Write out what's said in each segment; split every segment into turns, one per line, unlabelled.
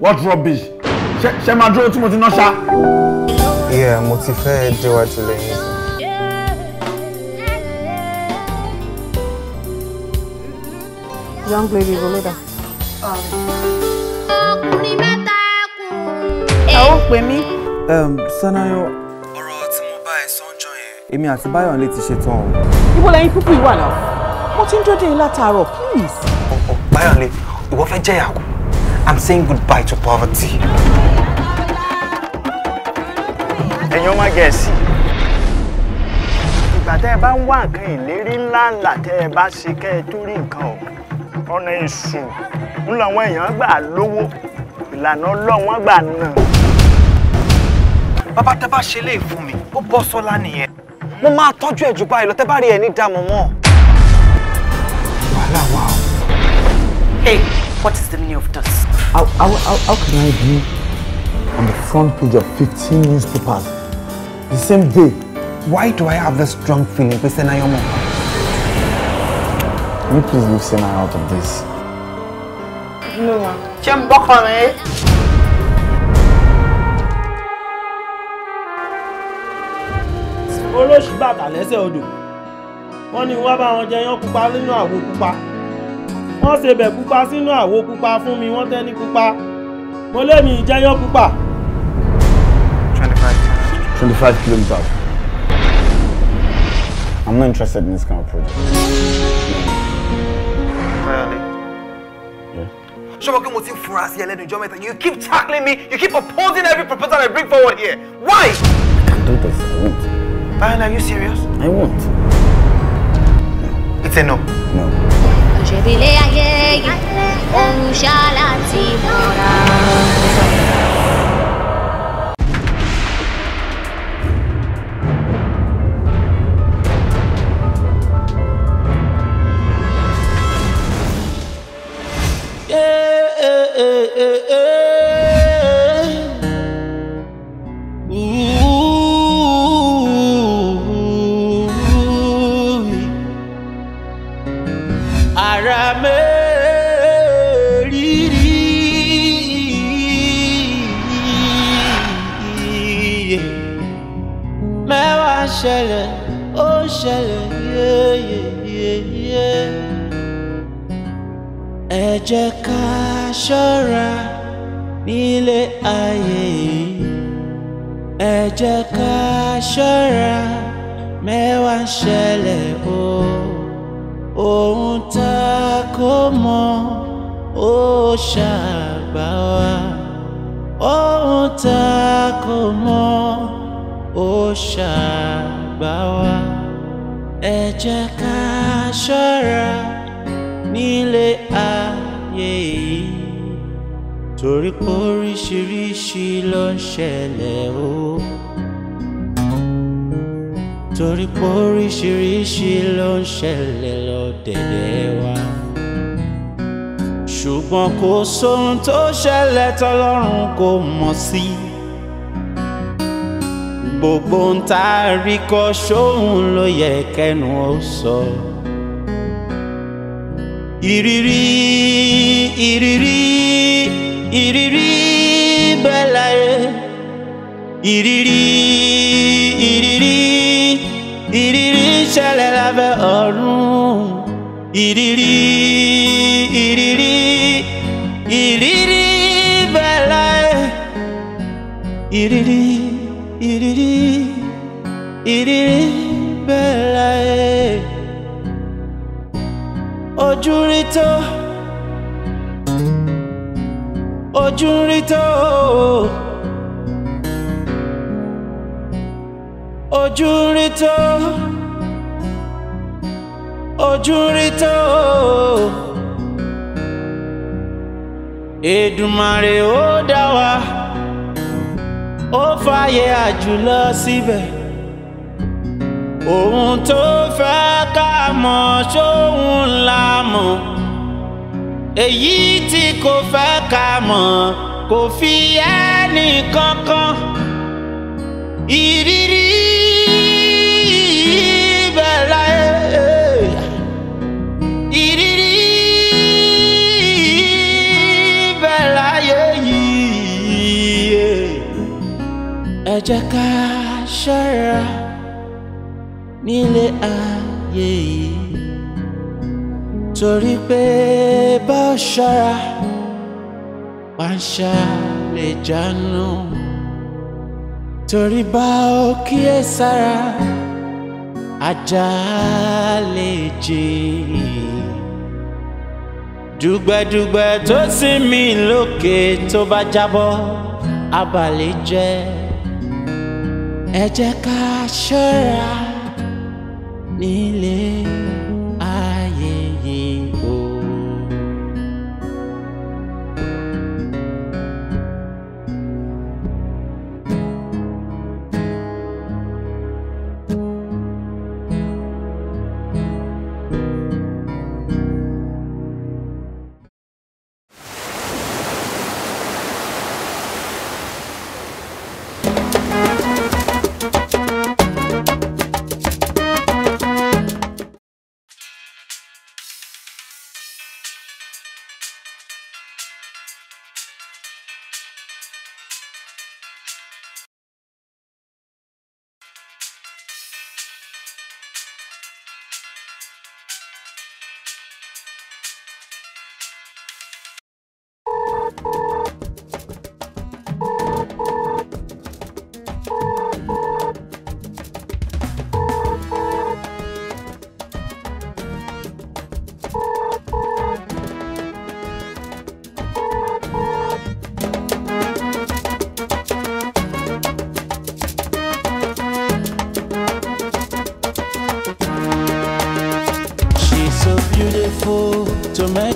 what rubbish
ṣe ṣe máa dúró tí mo ti ná ṣá.
ìyá mo ti fẹ́ déwájú lẹ́yìn
Young lady, Voloda.
Um ọkùnrin mẹ́ta ẹkùn.
ẹ ó eh. pè mí. sanayo
ọ̀rọ̀
tí mo bá ẹ sọ́njọ́ yẹn. èmi àti báyọ̀lé ti ṣe o.
ibo lẹ́yìn púpù ìwà náà mo ti ń dúró dé látàárọ̀ please.
báyọ̀lé ìwọ fẹ́ jẹ́ ìyàwó I'm saying goodbye to poverty. ẹ̀yin ọmọ gẹ̀ẹ́sì
ìgbà tẹ́ ẹ bá ń wá nǹkan ìlérí ńláńlá tẹ́ ẹ bá ṣe kẹ́ ẹ tó rí nǹkan ọ̀nà èṣù ńlọ àwọn èèyàn gbà lówó ìlànà ọlọ́run gbà náà. bàbá tẹ bá ṣe
léè fún mi ó bọ́ sọ́lá nìyẹn mo máa tọ́jú ẹ̀ jù báyìí lọ tẹ bá rí ẹ̀ dààmú mọ́.
wàhálà wà o. hey what is the meaning of this.
how how how, can I be on the front page of fifteen newspapers the same day why do I have this strong feeling pé sẹ́nà yọmọ. Can you please leave Sena out of
this?
No, ṣé ń bọ́kàn rẹ̀.
bàtà lẹ́sẹ̀ odò wọ́n ní wọ́n bá wọn jẹyán pupa nínú àwo pupa wọ́n ṣebẹ̀ pupa sínú àwo pupa fún mi wọ́n tẹ́ pupa mo lé mi ìjẹyán pupa.
twenty five
twenty kilometers. I'm not interested in this kind of project.
Really? ṣọ́bọ̀ pé mo ti fura sí you keep tackling me you keep opposing every proposal I bring forward here why. I can do this I won't. Bayan are you serious. I won't. It's a no. No.
òṣèré ilé ayé yìí
àbíkọ ṣóhun ló yẹ kẹnu ó sọ. ìrírí ìrírí ìrírí bẹ́ẹ̀ láyé ìrírí. fojú rí tó ojú rí tó ojú rí tó Èdùmàrè ó dá wa ó fàyè àjùlọ síbẹ̀ ohun tó fẹ́ ká mọ̀ ṣóhun la mọ̀ èyí tí kò fẹ́ ká mọ̀ kò fi ẹnì kankan ìrírí ibẹ̀ ìrírí ibẹ̀ láyé yìí ẹ jẹ́ ká ṣọ́ra nílé ayé yìí torí pé bá ṣara pàṣà lè jánu torí bá ó kíyè sára ajá lè jẹ dùgbẹ̀dùgbẹ̀ tó sinmi lókè tó bá jábọ́ abalẹ̀ jẹ́ ẹ jẹ́ ká ṣọ́ra nílé.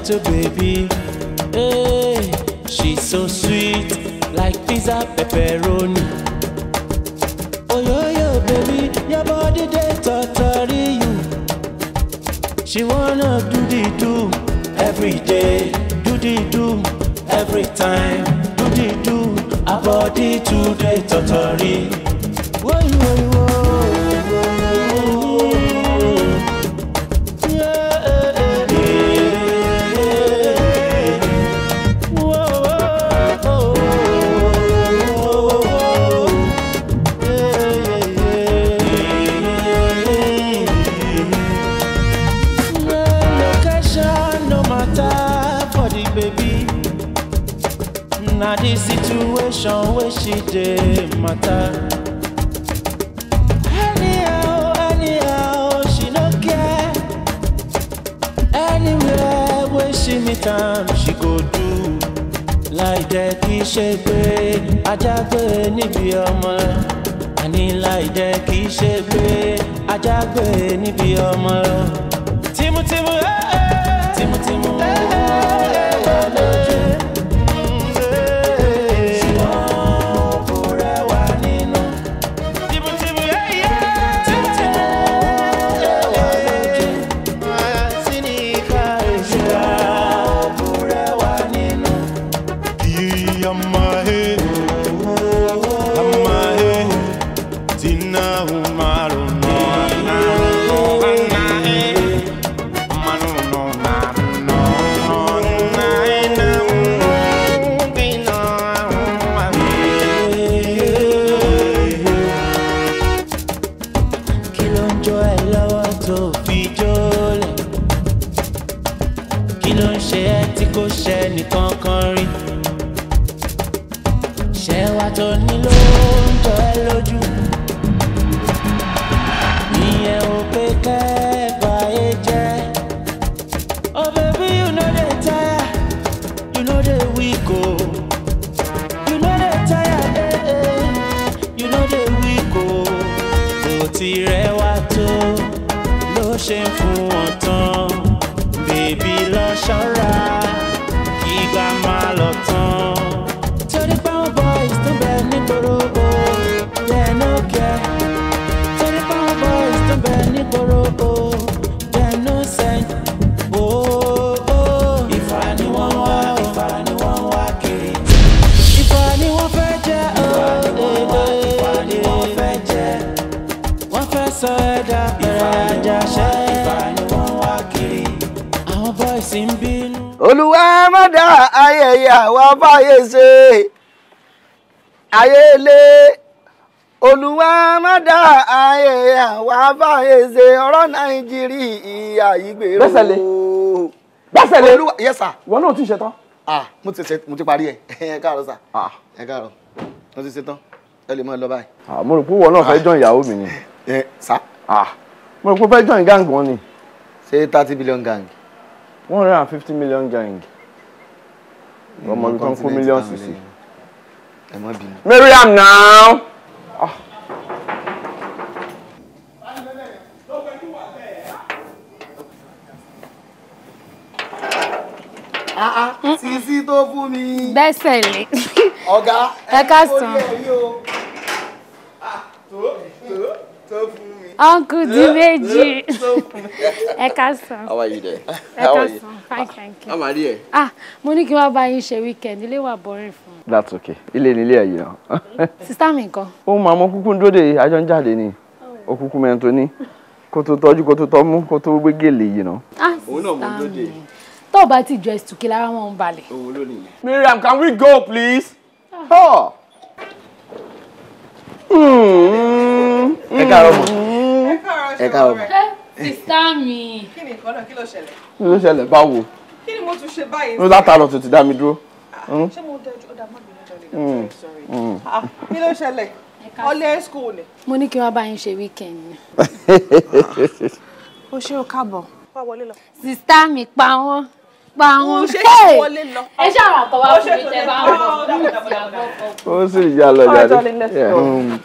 little baby. Hey, she's so sweet, like pizza pepperoni. jó ẹ e lọ́wọ́ tó fi jólẹ̀ kí ló ń ṣe ẹ́ tí kò ṣe nìkan kan rí ṣẹ́ wa tó ní ló ń jọ ẹ lójú ìyẹn ò pé kẹ́ẹ̀bà ẹ jẹ́ oh baby you know dey tire you no dey weak o. Oh ṣe ń fún wọn bèbí lọ ṣọ́ra kí gbà má lọ tán. sì ń
bínú. olúwa má dá ayẹyẹ àwa fàyè ṣe ayé lé má dá ayẹyẹ àwa fàyè ṣe ọ̀rọ̀ nàìjíríà yìí bẹ́sẹ̀lẹ̀ bẹ́sẹ̀lẹ̀ olúwa yes sir. wọn náà ti ṣe ah mo ti ṣe mo ti parí ẹ ẹ káàárọ̀ sà ẹ káàárọ̀ mo ti ṣe tán ẹ lè máa lọ báyìí. mo rò pé wọn náà fẹ́ jọ ìyàwó mi ni. ẹ sá. mo rò pé fẹ́ jọ ìgáǹgì wọn ni. ṣé thirty billion gang
one hundred and fifty million gang
ọmọ ibi kan kó million sisi Maryam,
now. Ah.
ah, ah mm. sisi tó fún mi. bẹ́sẹ̀ lé. ọ̀gá ẹ ká sàn. Ah, tó tó tó fún mi uncle Dimeji. Ẹ káàsán. How
are you there? Ẹ káàsán. Fine, thank you. How are you?
Ah, Monique, ní are buying bá yín ṣe weekend. Ilé wà boring fún
mi. That's okay. Ilé ni ilé ẹ̀yìn náà. Sister mi Oh, Mama, kuku mọ kúkú ń dúró de àjọ ń jáde ni. Ó oh. kúkú mẹ́rin tó ní. Kó tó tọ́jú, kó tó tọ́mú, kó tó gbé gèlè
Ah, sista mi. Tó o bá ti jọ ẹ̀sùn kí lára wọn ń balẹ̀. Òun ló nìyẹn.
Miriam, can we go please?
Ah. Oh. Mm.
Mm. Ẹ ẹ káàárọ̀ ma.
sista mi. kí ni nǹkan náà kí
ló ṣẹlẹ̀.
kí ló ṣẹlẹ̀ báwo.
kí ni mo tún ṣe báyìí. ní látàárọ̀
tó ti dá mi dúró.
Ah, hmm? ṣé mo dẹjú ọ̀dà má bínú jọlẹ̀ hmm. sorry. Hmm. Ah, kí ló ṣẹlẹ̀ ọlẹ́ school ni.
mo ní kí wọ́n bá yín ṣe weekend ni. o ṣé o káàbọ̀. wá wọlé lọ. sista mi pa wọ́n pa oh, wọn ṣe ẹ ṣàrà tọwọ́ fún mi tẹ bá wọn.
ó sì yà
lọ
jáde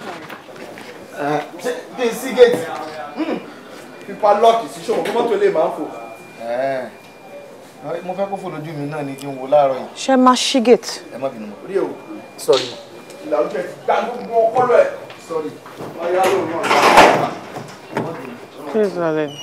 bí sí gèètì fífa lọ́ọ̀kì sí ṣòwò kí mọ́tò lè máa ń fò. mo fẹ́ kó fò lójú mi náà ni kí n wo láàárọ̀ yìí.
ṣé máa ṣí gèètì.
ẹ má bínú mọ́. rí o sọrí. ìlànà jẹ gbá gbogbo ọpọlọ ẹ sọrí.
ọyá náà.
kí ni sọ̀rọ̀ lẹ́nu.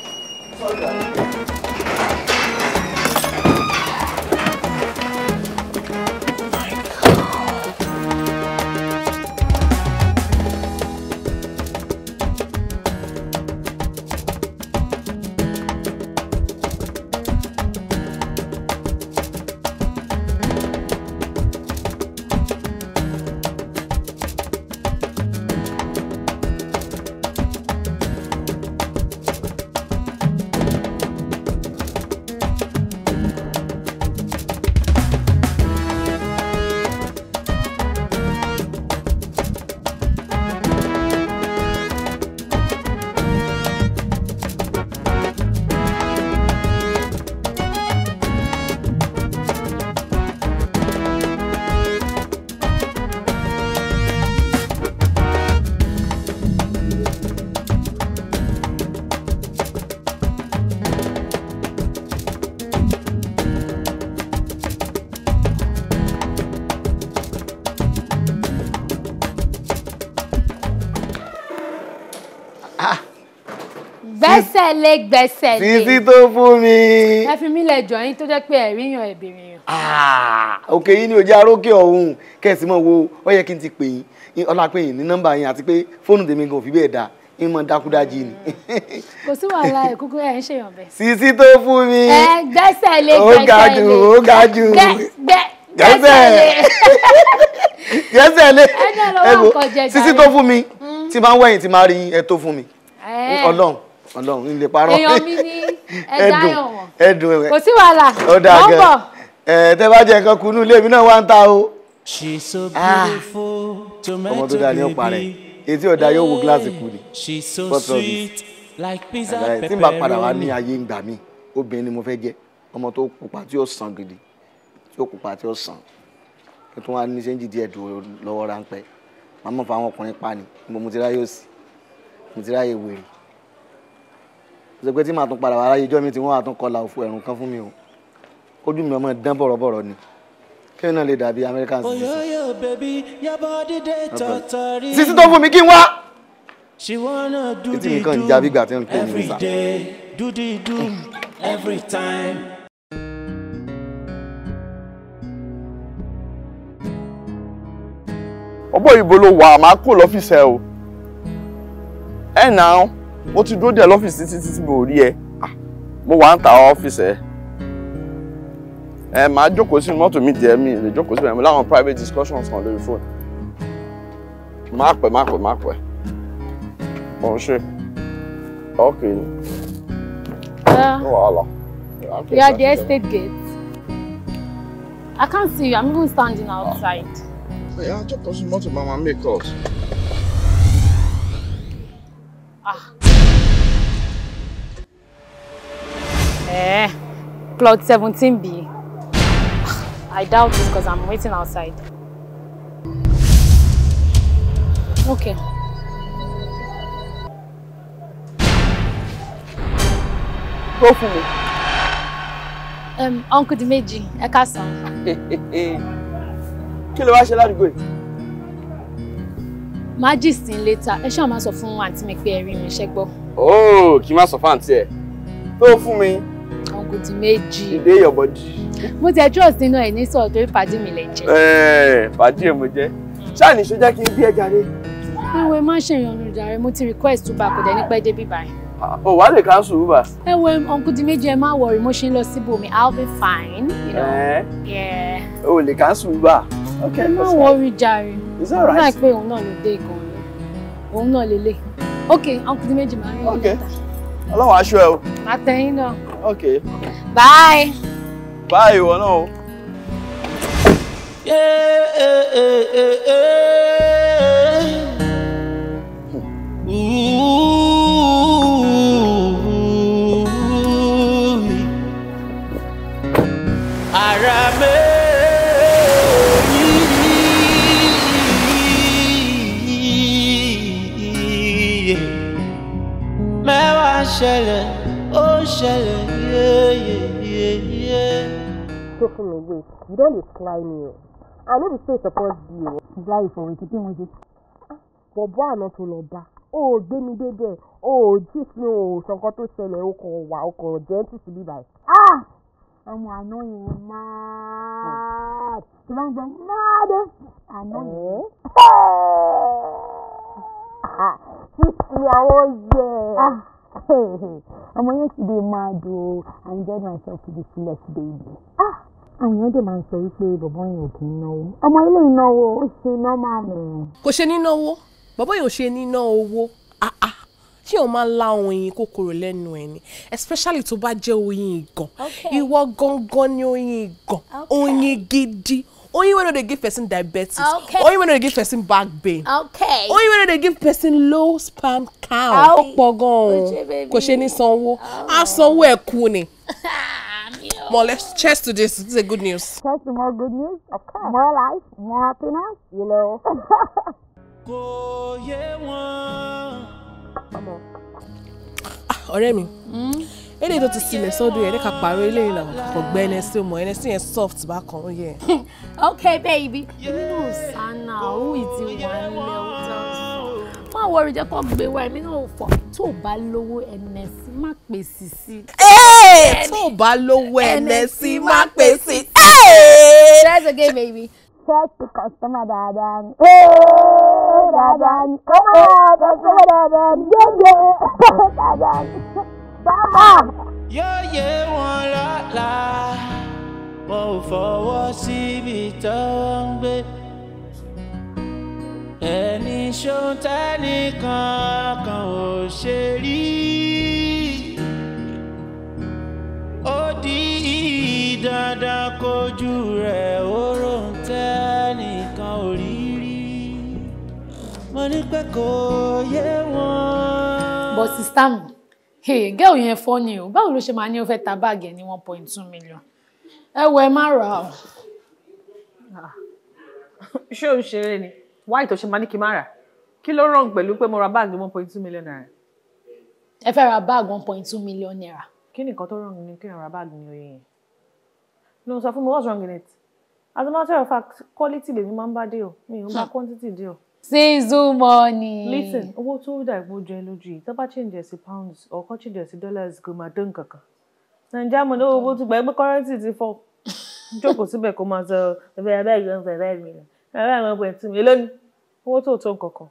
gbẹ́sẹ̀ lé gbẹ́sẹ̀
tó fún mi.
ẹ fi mí lẹjọ yín tó jẹ́ pé ẹrí yan ẹbìrin
yàn. òkè yìí ah, ni ò jẹ́ arókè ọ̀hún kẹ̀sì mọ̀ wo ó yẹ kí n ti pè yín ọlá pé yín ní nọ́mbà yín àti pé fóònù tèmi gan ò fi bẹ́ẹ̀ dáa ìmọ̀ dákúdájì ni.
kò sí wàhálà ìkúkú ẹ̀ ń ṣèyàn bẹ́ẹ̀. sísí tó fún mi. ẹ gbẹ́sẹ̀ lé gbẹ́sẹ̀ lé. ó ga jù ó ga jù. gbẹ́sẹ̀ lé. gbẹ́sẹ̀
lé. ẹ náà lọ́wọ́ àkọ́jẹ jàre. sísí tó fún mi hmm. tí máa ń wẹ̀yìn tí máa rí ẹ tó fún mi. ọlọ́run Ọlọ́run nílé parọ́ èèyàn
mi ni ẹdá ẹwọn
ẹdùn ẹwẹ kò sí
wàhálà wọn bọ.
ẹ tẹ bá jẹ nǹkan kunu ilé mi náà wá ń ta o. Ah. ọmọ tó dáa ni ó parẹ́ etí ọ̀dà yóò wo gíláàsì kù ni bọ́tọ̀ mi tí n bá padà wá ní ayé ń gbà mí obìnrin ni mo fẹ́ jẹ́ ọmọ tó pupa tí ó sàn gidi tí ó pupa tí ó sàn kí tó wá ní sẹ́ńjì díẹ̀ dúró lọ́wọ́ ráńpẹ́ màmá fa àwọn ọkùnrin pa ni mo ti ráyè òsì mo ti ráyè wèrè ó sọ tí màá tún padà wá ráyè ijọ́ mi tí wọ́n á tún kọlà òfu ẹ̀rùn kan fún mi o ojú mi ọmọ dán bọ̀rọ̀bọ̀rọ̀ ni kí ni náà lè dàbí American citizen. oyoyo baby yabọ dídé tọ̀tọ̀
rí. tó fún mi kí n wá. she wanna do the do
every day do the do
every time.
ọ̀bọ ìbò ló wà máa kó lọ́fíìsì ẹ o ẹ̀ náà mo ti dúró dé lọ́fíìsì títí tí mo rí ẹ mo wà ń ta ọ́fíìsì ẹ ẹ máa jókòó sínú mọ́tò mi díẹ̀ mi lè jókòó sínú ẹ̀mí láwọn private discussions kan lórí fóònù má pẹ́ má pẹ́ má pẹ́ mo ń ṣe ok. wàhálà.
we are the estate gate. I can't see you. I'm even standing outside.
Yeah, jókòó sínú mọ́tò to make us. Ah.
Eh, plot 17B. I doubt this because I'm waiting outside. Okay. Go for me. Um, Uncle Dimeji, a káàsán. Kí ló wá ṣe ládùúgbò yìí? Májìsì Majesty later. ẹ ṣáà máa sọ fún àǹtí mi pé ẹ rí mi ṣẹ́gbọ́.
Óò oh, kí n má
kù di méjì. ìdè ìyọ̀bọ̀ di. mo tẹ trust nínú ẹ̀ ní sọ̀rọ̀ torí pàdé mi lè eh, hmm. jẹ́.
ẹ̀ẹ́ pàdé ẹ̀ mo jẹ́
ṣáà ní sójá kí n bí ẹ jàre. ẹwẹ má ṣèyànnú jàre mo ti request uber kò dẹ̀ ní pẹ́ débi báyìí.
Ah, o wàá lè cancel uber.
ẹwẹ uncle di méjì ẹ má worry mo ṣe ń lọ síbò mi i'll be fine. ẹ ẹ eh?
o lè cancel uber.
ok ẹ má worry jàre. is that right. ó náà pé òun náà ló dé gan-an òun náà lélẹ̀ ok uncle di méjì máa ń rí ọ̀nà ìta. ọlọ́run aṣọ ẹ o. àtẹ̀yìn náà. Okay. Bye.
Bye, ìwọ náà o. Eh, eh, eh, hmm. Ooh.
taking away you don't dey me. i no be say e to be o. ìjà ìfọ̀wé ti dín wọn ṣe. bọ̀bọ̀ àná tó lọ bá o ò gbé baby. Oh, o me. jí sí o ò sọ nǹkan tó ṣẹlẹ̀ o kò wà o kò jẹ́ tù sí bíbá
yìí. ọmọ àná yẹn máa ti oh ń gbọ́ máa dé àná yẹn fífi àwọn yẹ. ọmọ yẹn ti mad o oh. I get myself to the fullest baby. ah àwọn èèyàn dè máa ń sọ wípé bọ̀bọ́ yẹn ò kì í náwó ọmọ ilé ìnáwó ó ṣe nọ́mà mọ̀.
kò ṣe ní náwó bọ̀bọ́ yẹn ò ṣe ní ná owó kí ah, o ah. máa la ohun ẹyin kòkòrò lẹ́nu ẹ̀ ni especially tó bá jẹ́ oyin ìgàn ìwọ gangan ni oyin ìgàn oyin gidi oyin wey no dey give person diabetes okay. oyin wey no dey give person back pain
okay. oyin wey no dey
give person low sperm count ó pọ̀ gan-an kò ṣe ní sanwó á oh. ẹ̀ kú ni. More or less, cheers to this. This is a good news. Cheers to more good news, of course. More life, more happiness, you know. Come ah, ọ̀rẹ́ mi hmm? eléyìí tó ti sílẹ̀ sọ́dún yẹn ní ká pààrọ̀ eléyìí náà kò gbẹ ẹni sí mọ̀ ẹni sí yẹn soft bákan yẹn.
okay baby nínú sànà òun ìdí wà nílẹ̀ ọ̀tá má wọrí jẹ́ kó gbé wa èmi náà fọ̀ tó bá lówó ẹnẹ̀sí má pèsè sí i. Eh! tó o bá lówó ẹlẹ́sìn má pèsè. that's okay baby. check the customer dáadáa ni. dáadáa ni customer dáadáa ni yéyé dáadáa ni. bàbá.
yóòyè wọn lọ́la Mo ò fọwọ́ síbi tó ń gbé ẹni ṣó tẹ́nìkan kan ò ṣe rí i. ó di dandan kojú rẹ̀ oró ń nìkan ò
mo ní pé kò yé wọn. but sista mi hey, gẹ́ọ̀ yẹn fọ́ ni o báwo ló ṣe máa ní o fẹ́ ta báàgì ẹ̀ ní one point two million ẹ wọ ẹ má ra o.
Ah. ṣé o ń ṣeré ni wáyé tó ṣe máa ní kí n má rà kí ló rán pẹ̀lú pé mo ra báàgì one point two million naira.
ẹ fẹ́ ra báàgì one point two million naira kí ni tó wrong ni kéèyàn ra
báàgì ní oyè yẹn ló sọ fún mi what's wrong in it as a matter of fact quality lèmi máa ń bá dé o mi ò bá quantity dé o.
season money. listen
owó tó dà ìpò jẹ lójú yìí tó bá change ẹ̀ sí pounds or kó change ẹ̀ sí dollars kò máa dán kankan nàìjíríà mo ní owó tó gbà ẹgbẹ́ currency ti fọ́ jókòó síbẹ̀ kó máa sọ ẹ̀fẹ̀ ẹ̀fẹ̀ ìgbà ẹ̀fẹ̀ ẹ̀fẹ̀ mi
ẹ̀fẹ̀ àwọn ọmọ ẹ̀tì mi lónìí owó tó tó nǹkan kan.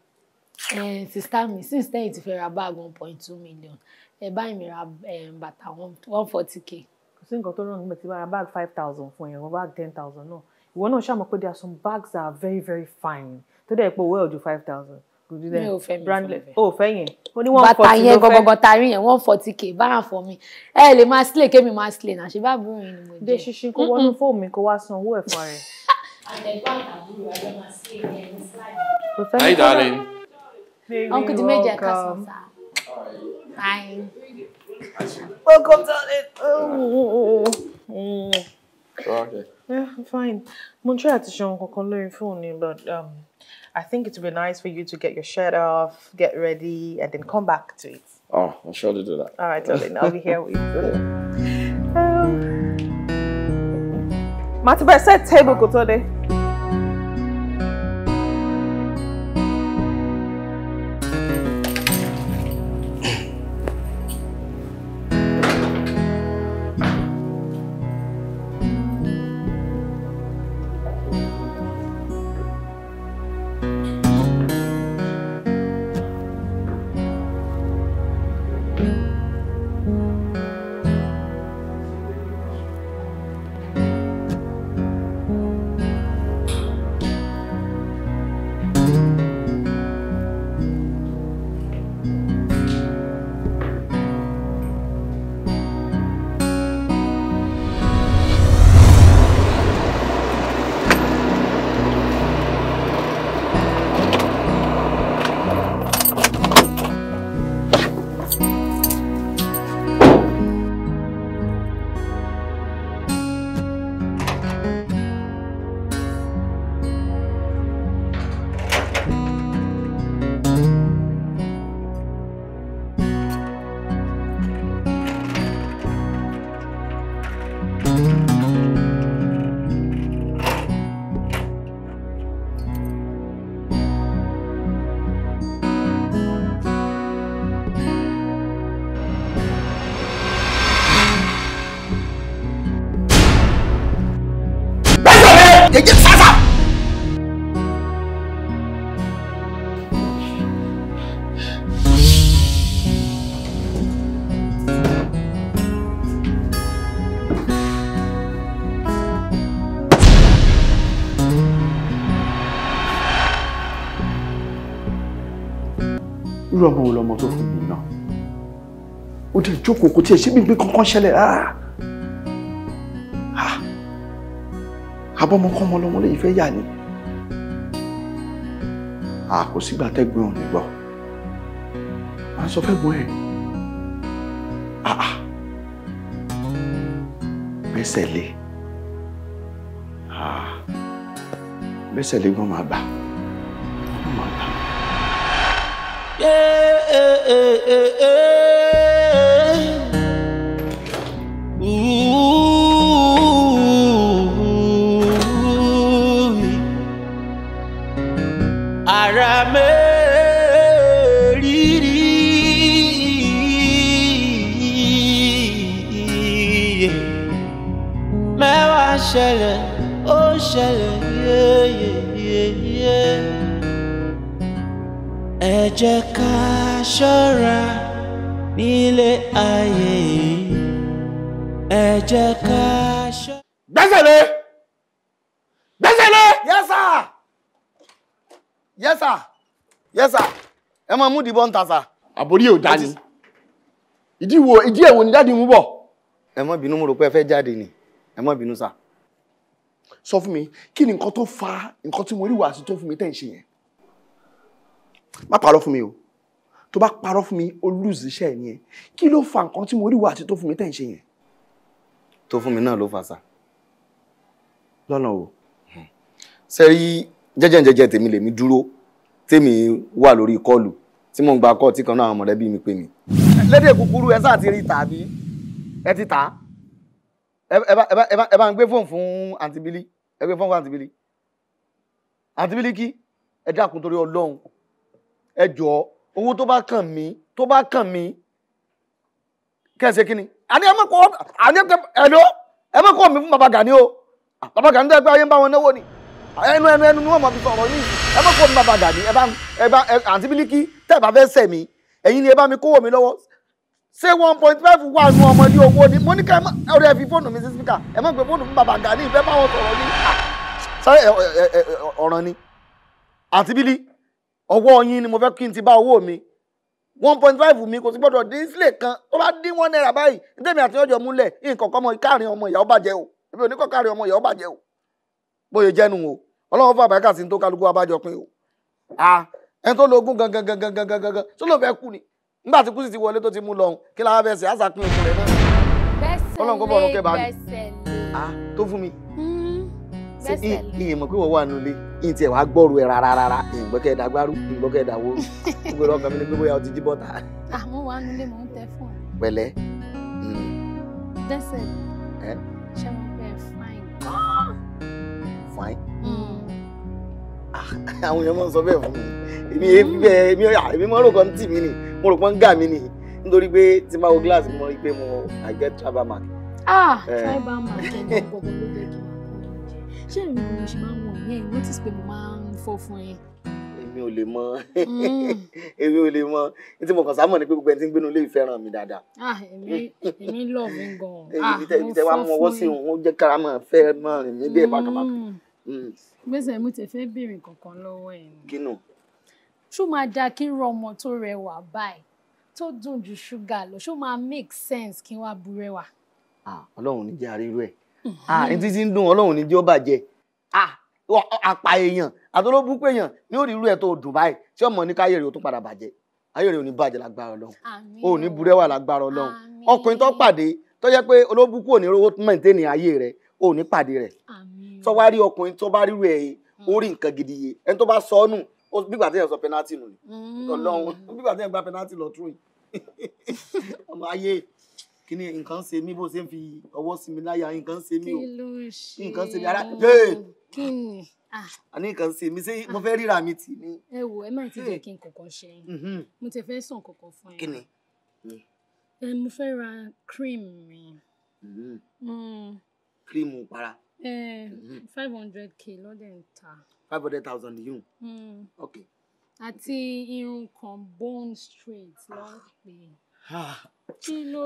ẹ sista mi since ten yìí ti fẹ́ ra bag one point two million ẹ bá mi ra eh, bàtà one forty k.
kò sí nǹkan tó rọrùn nígbà tí wọ́n ra bag five thousand fún ẹ̀yàn wọ́n bag ten thousand náà ìwọ náà ṣàmọ̀ pé there are some bags that are very very fine tó dẹ̀ pé owó ẹ̀ ò ju five thousand mi ò fẹ́ mi fún mi ò fẹ́
yẹn ó ní one forty ló bàtà yẹn gọgọgọ tari yẹn one forty k bára fọ mi ẹ lè máa sílè kémi máa sílè náà ṣe bá bùrù yín ni mo jẹ. de ṣinṣin kó wọnú fóònù mi kó wá san owó ẹ̀fọ́ rẹ̀. Hi darling. Uncle Dimeji, I can't Bye. Welcome, darling. Oh. Mm. okay. Oh.
Yeah, fine. Montreal ń try àti ṣe ohun kankan but um, I think it would be nice for you to get your shirt off, get ready, and then come back to it.
Oh, i am sure to do that. All right, darling. I'll be here with
you. Màá ti table kò tó dé.
irú ọmọ wo lọmọ tó fún mi náà ó dẹ̀ jókòó kò tiẹ̀ ṣé bí gbé kankan ṣẹlẹ̀ rárá abọ́mọkọ́mọ lọmọ lè fẹ́ yà ni kò sígbà tẹ́gbọ́n ò ní gbọ́ à ń sọ fẹ́ gbọ́n ẹ̀ gbẹ́sẹ̀ lé gbẹ́sẹ̀ lé gbọ́n máa bà máa
ṣẹlẹ̀ ó ṣẹlẹ̀ yéyéyé. ẹ jẹ́ ṣọ́ra nílé ayé yìí ẹ
jẹ́ ká ṣọ́. yes sir yes sir yes sir ẹ máa mú ìdìbọn àbórí yóò dání. ìdí wo ìdí ni mú bọ̀. ẹ bínú sọ
fún mi kí ni nǹkan tó fa nǹkan tí mo rí fún mi tẹ̀ ń yẹn
má fún mi o. tó bá
parọ́ fún mi ó lùzì iṣẹ́ ẹ̀yìn ẹ̀ kí ló fa nǹkan tí mo rí wà àti tó fún mi tẹ̀ ṣe yẹn.
tó fún mi náà ló fà sá. lọ́nà o. sẹ́rí hmm. jẹ́jẹ́jẹ́jẹ́ tèmi lèmi dúró tèmi wà lórí kọ́ọ̀lù tí mò ń gba kọ́ọ̀ tí kan náà àwọn mọ̀lẹ́bí mi pè mí. lédè kúkúrú ẹ sáà ti rí tàbí ẹ ti tà á ẹ bá ń gbé fóònù fún àǹtí bílí ẹ gbé fóònù fún àǹtí bílí àǹtí bílí kí ẹ dákun torí ọlọ́run ẹ jọ̀ọ́ owó tó bá kàn mí tó bá kàn mí kẹsẹ kí ni àní ẹ mọ̀kọ́ àní ẹ̀dọ́ ẹ mọ̀kọ́ mi fún baba Gani o baba Gani dẹ́gbẹ́ ayé ń bá wọn náwó ni ẹnu ẹnu ẹnu ni wọn mọ̀ fi sọ̀rọ̀ yìí ẹ mọ̀kọ́ mi baba Gani ẹ bá ẹ bá àǹtí bílíkì tẹ́ ẹ bá fẹ́ sẹ̀ mí ẹ̀yin ni ẹ bá mi kówó mi lọ́wọ́ ṣé one point five wà nù ọmọ ní owó ni mo ní ká ọ̀rẹ́ ẹ fi fóònù mi sí sípíkà ẹ mọ̀ pé fóònù mi baba Gani ìfẹ́ bá wọn sọ̀rọ̀ ni ọ̀ràn ni àǹtí bílíkì ọwọ́ yín ni mo fẹ́ kí n ti bá owó mi one point five mi kò sí gbọ́dọ̀ dín sílẹ̀ kan tó bá dín one náírà báyìí ntẹ̀mí àti ọjọ́ múlẹ̀ nǹkan kọ́ ọmọ ìkáàrin ọmọ ìyàwó bàjẹ́ o ebi oníkọ́ káàrin ọmọ ìyàwó bàjẹ́ o bóyá jẹ́nu o ọlọ́run fún àbáyíká sí ní tó kálukú abájọ pin o a ẹni tó lo ogún gangan gangan gangan gangan tó ló fẹ́ kú ni nígbà tí kú sì ti wọlé tó ti mú lọ́hùn kí lára fẹ́ sẹ́ àṣà pin òkú rẹ̀ náà
ọlọ́run kó bọ̀ ọ̀run kẹ́ bá mi
a tó fún mi ṣe ìyìnbọn pé wọ́n wà nílé ìyìn tiẹ̀ wàá gbọ́rù ẹ̀ rárá rárá ìgbọ́kẹ́ ìdágbárù ìgbọ́kẹ́ ìdáwó gbogbo ẹ̀rọ ọkàn mi ni pé bóyá o jí bọ́ta.
àmọ́ wàá nílé mò ń tẹ fún ẹ. pẹ̀lẹ́. dẹ́sẹ̀ ṣé mo fẹ́ fine. fine. Hmm.
Ah, àwọn èèyàn máa ń sọ bẹ́ẹ̀ fún mi èmi bẹ́ẹ̀ ah, èmi máa ń rò kan tì mí ni mo rò pọ́n gà mí ni nítorí pé tí máa wo gíláàsì mo rí pé
ṣé ìrìn ìrìn ṣe máa ń wọ ìyẹn notice pé mo máa ń fọ́ fún ẹ.
èmi ò lè mọ hmm. èmi ò lè mọ ní tí mo kàn sámọ̀ ni pé gbogbo ẹni tí ń gbénu ilé ìfẹ́ràn mi dáadáa.
Ah, èmi lọ mi gan-an. èmi tẹ̀ tẹ̀ ah, wá mú ọwọ́ sí òun
ó jẹ́ kára máa fẹ́ máa rìn mí bí ẹ̀ bá kàn gbèsè
hmm. hmm. mo ti fẹ́ béèrè kankan lọ́wọ́ ẹ̀ kínú. ṣó máa da kí n rọ ọmọ tó rẹwà báyìí tó dùn ju ṣúgà lọ ṣó máa make sense kí n wá bu rẹwà. Ah,
ọlọ́run ní jẹ́ àríró ẹ̀ àárín ah, hmm. títí ń dùn ọlọ́run ní jẹ́ ó bàjẹ́ àpà èèyàn àtọ́lóbù pé èèyàn ní ó rí irú ẹ̀ tó dùn báyìí tí ọmọ ní káyé rẹ̀ ó tún padà bàjẹ́ ayé rẹ̀ ò ní bàjẹ́ lágbára ọlọ́run ò ní burẹ́wà lágbára ọlọ́run ọkùnrin tó pàdé tó jẹ́ pé olóbù kù ò ní rówó mẹ́ǹtẹ́nì ayé rẹ̀ ò ní pàdé rẹ̀ tó wá rí ọkùnrin tó bá rírú ẹ̀ ó rí nǹkan gidi yé ẹni tó bá sọ ọ́ nù bígbà tí yẹn sọ penalty nù
hmm. ọlọ́run
bígbà tí yẹn gba penalty lọ yìí ọmọ ayé kí ni nǹkan ṣe mí bó ṣe ń fi ọwọ́ sí mi láyà nǹkan ṣe mí o
nǹkan ṣe mí ara yéè kí ni
àní ah. nǹkan ṣe mí ṣé mo fẹ́ ríra mi tì
ní. ẹ wo ẹ má ti jẹ́ kí n kọ̀kan ṣe mm-hmm. mo ti fẹ́ sàn kọ̀kan fún yín. kí
ni.
mo fẹ́ ra cream mi. Mm-hmm. Mm.
cream para.
Mm-hmm. five hundred k lọ́dẹ̀ ń ta.
five hundred thousand yìí.
Mm. ok. àti irun kan bone straight lọ́ọ́ pè é. Ah,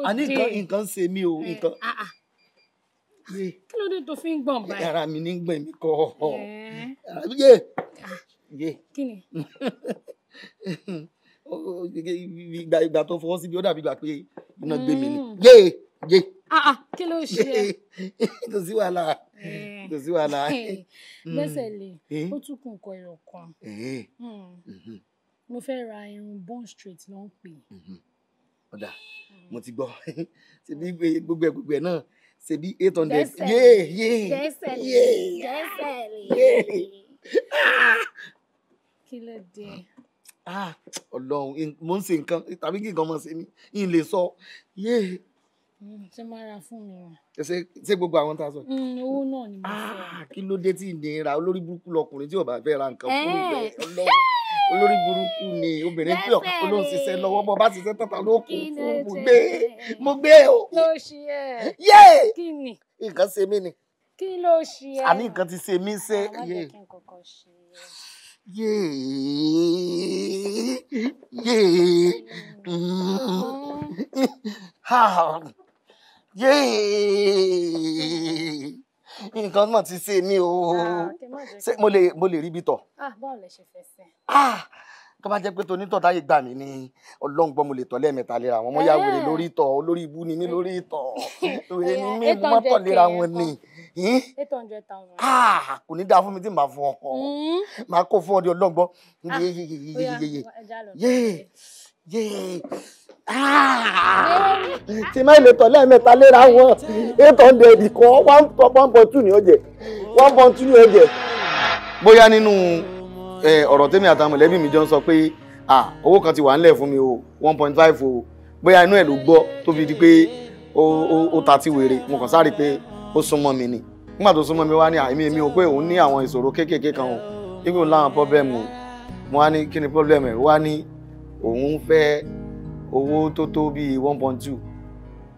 a ní nǹkan
nǹkan ṣe mí o eh, nǹkan. Ah, ah. kí
ló dé tó fi ń gbọ̀n báyìí. ara
mi ní gbọ̀n mi kọ́ ọ. yé yé. kí ni. ìgbà ìgbà tó fọwọ́ síbi ó dàbí ìgbà pé iná gbé mi ni. yé hmm. yé. Ah, kí ló ṣe é. kò sí wàhálà eh. kò sí wàhálà. Eh.
Hmm. gbẹ́sẹ̀ lè ó tún kún nǹkan ẹ̀rọ kan hmm. mm-hmm. mo fẹ́ ra irun bone straight ló ń pè é. Mm-hmm
ọ̀dà hmm. mo ti gbọ́ ṣebí gbogbo ẹ̀ gbogbo ẹ̀ náà ṣebí eight hundred yéé yéé
yéé yéé kí ló dé.
Ah, ọlọ́run mo ń ṣe nǹkan tàbí kí nǹkan mọ sí mi n lè sọ yéé.
Hmm, ṣé máa ra fún mi rà.
ṣe gbogbo àwọn tá a sọ.
Hmm, owó náà ni mo fẹ́.
Ah, kí ló dé tí ìnira olórí burúkú lọkùnrin tí ò bá fẹ́ ra nǹkan fún mi eh olórí burúkú ni obìnrin pé ọkọ ló ń ṣiṣẹ́ lọ́wọ́ bọ bá ṣiṣẹ́ tata ló kù fún mo gbé mo gbé o.
ló ṣe ẹ
yé nǹkan ṣe mí ni.
kí ló ṣe ẹ àní
nǹkan ti ṣe mí ṣe. yé yé yé yé nǹkan náà ti ṣe mí o ah, ṣé mo lè mo lè rí ibi tọ̀.
Ah, báwo lẹ ṣe fẹ́ sẹ́.
Ah, tó bá jẹ́ pé tonítọ̀ táyé gbà mí ni ọlọ́run gbọ́ mo lè tọ̀ lẹ́ẹ̀mẹ́ta léra wọn mo yá wèrè lórí ìtọ̀ olórí ibú ni mí lórí ìtọ̀
wèrè ni mí mo tọ̀ léra wọn ni. hundred thousand.
kò ní dáa fún mi tí màá fún ọkọ hmm? màá kó fún ọ di ọlọ́run gbọ́ yéé yéé Ah! tí máa lè tọ̀ lẹ́ẹ̀mẹ́ta léra wọn eight hundred kan one point two ni ó jẹ one point two ni ó jẹ. bóyá nínú ọ̀rọ̀ tèmi àtàwọn mọ̀lẹ́bí mi jọ ń sọ pé owó kan ti wà ńlẹ̀ fún mi o one point five o bóyá inú ẹ̀ ló gbọ́ tó fi di pé ó ta ti wèrè mo kàn sáré pé ó súnmọ́ mi ni nígbà tó súnmọ́ mi wá ní àìmí mi ò pé òun ní àwọn ìṣòro kéékèèké kan o ibi òun láwọn pọ́blẹ́mù mo wá ní kí ni pọ́blẹ́mù ẹ̀ wá ní òun fẹ́ẹ́ owó tó tó bíi one point two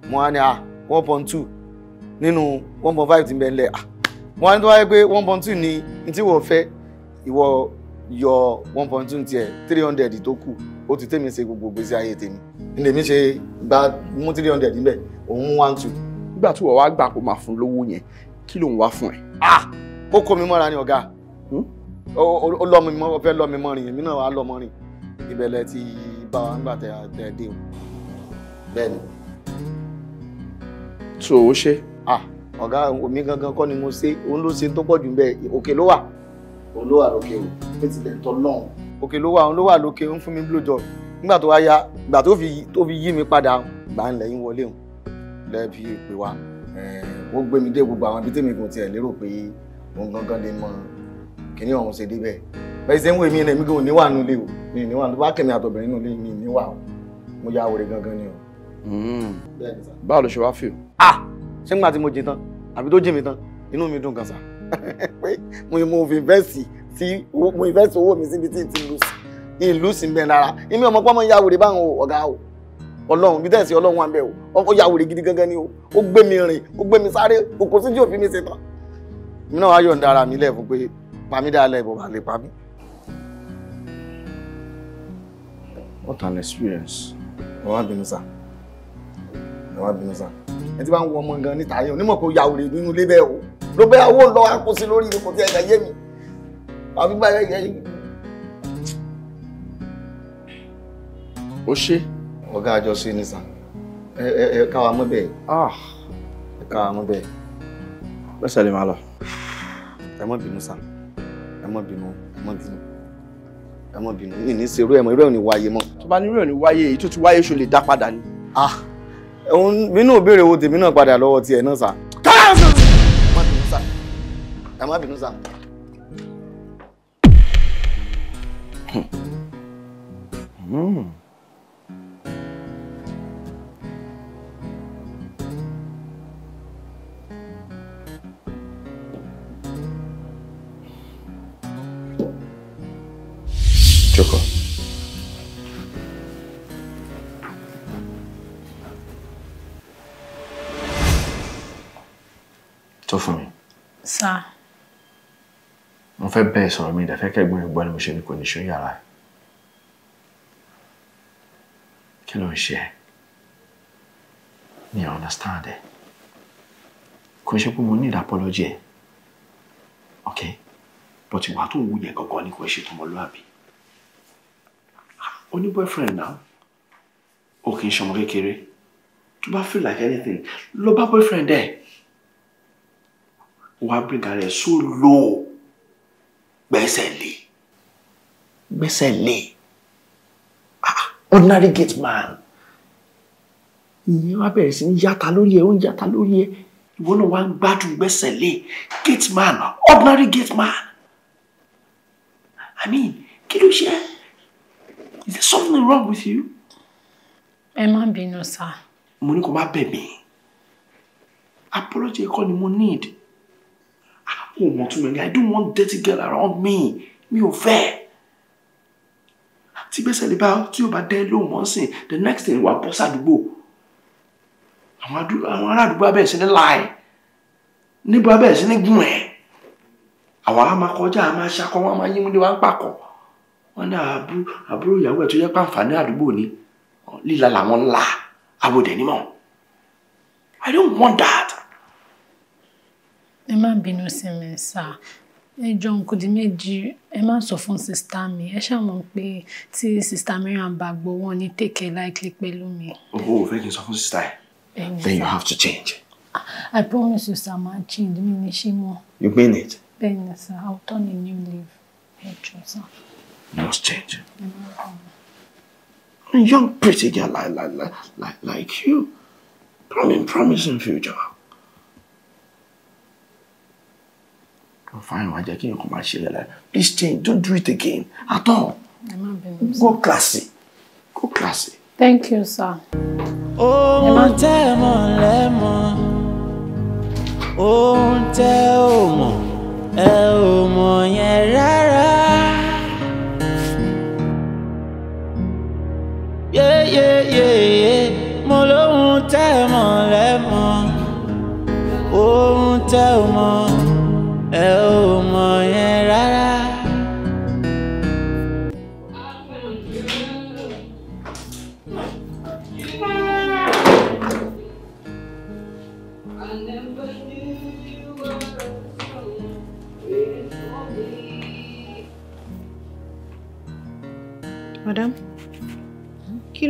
mo á ní à ah, one point two nínú one point five ti bẹ̀ lẹ̀ à ah, mo á ní tó wáyé pé one point two ni n tí wọ́n fẹ́ ìwọ yọ one point two tiẹ̀ three hundred tó kù ó ti tẹ̀mí ṣe gbogbo gbèsè ayé tèmi lèmi ṣe gba mú three hundred níbẹ̀ òun one two. nígbà tí wọ́n wá gbà kó máa fún lówó yẹn kí ló ń wá fún ẹ. ah ó kó mi mọ́ra ni ọ̀gá hmm? ó lọ́ mi mọ́ ó fẹ́ lọ́ mi mọ́rin èmi náà wàá lọ́ mọ́rin ìbẹ̀lẹ̀ ti yí bá wa nígbà tẹ dé o. bẹ́ẹ̀ni. so o ṣe. ah ọ̀gá omi gangan kọ́ ni mo ṣe òun ló ṣe tó pọ̀ jù bẹ́ẹ̀ òkè ló wà. òun ló wà lókè o president ọlọ́run. òkè ló wà òun ló wà lókè ń fún mi blow job nígbà tó wá ya ìgbà tó fi tó fi yí mi padà gbà ń lẹ́yìn wọlé o lẹ́ẹ̀ fi pè wá ó gbé mi dé gbogbo àwọn ibi tèmi kò tiẹ̀ lérò pé òun gangan lè mọ kíní ọ̀hún ṣe débẹ̀ bẹ́ẹ̀ ṣe ń wé mi náà èmi gan ò ní wà nílé o mi ò ní wà bá kẹ̀mí àtọ̀bẹ̀rẹ̀ nínú ilé mi ò ní o mo ya àwòrán gangan ni o. Hmm. báwo ló ṣe wá fíìmù. ah ṣé ń gbà tí mo jẹ tán àbí tó jẹ mi tán inú mi dùn gan sa pé mo mo fi invest sí mo invest owó mi síbi tí ti lù sí ìlú sì ń bẹ lára èmi ọmọ pọ́nmọ́ ya àwòrán báwọn ọ̀gá o ọlọ́run bí tẹ̀sí ọlọ́run wà ń o ó ya àwòrán gidi gangan ni o ó gbé mi rìn ó gbé mi sáré kò sí tí òfin mi ṣe tán mi náà wá yọ̀ǹda ara mi lẹ́ẹ̀fún pé pàmí dáa lẹ́ẹ̀bọ̀ wà lè pàmí. What an experience. Ẹ wá bínú sá. Ẹ wá bínú sá. Ẹ ti bá ń wọ ọmọ gan níta yẹn, onímọ̀ kò ya òrè nínú ilé bẹ́ẹ̀ o. Ló bẹ́ owó lọ akóso lórí ipò tí ẹ̀ka yé mi. Àbí bá ẹ̀ka yé mi. Ó ṣe. Ọ̀gá àjọ ṣe ni sá. Ẹ ẹ ẹ káwa mọ́ bẹ́ẹ̀. Ah. Ẹ káwa mọ́ bẹ́ẹ̀. Bẹ́sẹ̀ lè máa lọ. Ẹ má bínú sá. Ẹ má bínú. Ẹ má bínú ẹ mọ̀ bínú mi ní serú ẹ̀ mọ̀ irú ẹ̀ ní wáyé mọ́. tó bá ní irú ẹ̀ ní wáyé èyí tó ti wáyé ṣo lè dá padà ni. ah mi náà béèrè owó tèmi náà padà lọ́wọ́ tiẹ̀ náà sà. káàsì. ẹ bínú sà. ẹ bínú sà.
Hmm. Hmm.
Jókòó. Sọ fún mi. Sá. Mo fẹ́ bẹ́ẹ̀ sọ̀rọ̀ mi ìdàfẹ́ kẹ́gbọ́n ẹ̀ gbọ́ ni mo ṣe ní kò ní ṣó yàrá. Kí ló ń ṣe ẹ́? Mi ò understand ẹ̀. Kò ṣe pé mo ní ìdápọ́lọ́jì ẹ̀. Okay? Bọ̀tìwà tó ń wù yẹn gangan ni kò ṣe tọmọlúàbí o boyfriend now. Okay, kì í ṣọmọ kékeré feel like anything lọ boyfriend there. wàá bring ara so low gbẹ́sẹ̀ lé ah ordinary gate man You wá bẹ̀rẹ̀ sí ní yàtà lórí ẹ̀ ó ń yàtà lórí gate man ordinary gate man
i mean kí ló ṣe Is there something wrong with you? Ẹ má bínú sá.
Mo ní kó má bẹ̀ Apology kọ́ ni mo need. Ó ah, mọ̀ tún mi, I don't want dirty girl around me. Mi ò fẹ́. Tí gbèsè lè bá tí o bá dẹ́ lóhùn mọ́ sìn, the next thing wà bọ́ sàdúgbò. Àwọn ará àdúgbò abẹ́rẹ́ sí ní láì. Níbo abẹ́rẹ́ sí ní gùn ẹ̀. Àwọn ará máa kọjá, a máa ṣakọ, wọ́n á máa yí múlé, wọ́n á pàkọ́ wọ́n dá àbúrò ìyàwó ẹ̀ tó jẹ́ pàǹfààní àdúgbò ni líla làwọn ńlá àwòdẹ̀ nímọ̀
I don't want that. ẹ má bínú sí mi sá ẹ jọ nǹkan di méjì ẹ má sọ fún sista mi ẹ ṣàmọ̀ pé tí sista mìíràn bá gbọ́ wọn ní tèkẹ́ láìpẹ́ pẹ̀lú mi.
owó ò fẹ́ kí n sọ fún sista ẹ then you have to change.
I promise you sir ma change mi ní ṣí mọ. you mean it. bẹ́ẹ̀ ni sir I will turn a new leaf. ẹ jọ sir
must change. A
young, pretty
girl like, like, like, like you, promising, promising future. I'm fine, why Jackie, you come and share Please change, don't do it again at all. Go classy, go classy.
Thank you, sir. Ohun
tẹ́ mọ̀ lẹ́mọ̀, ohun tẹ́ ò mọ̀, ẹ ò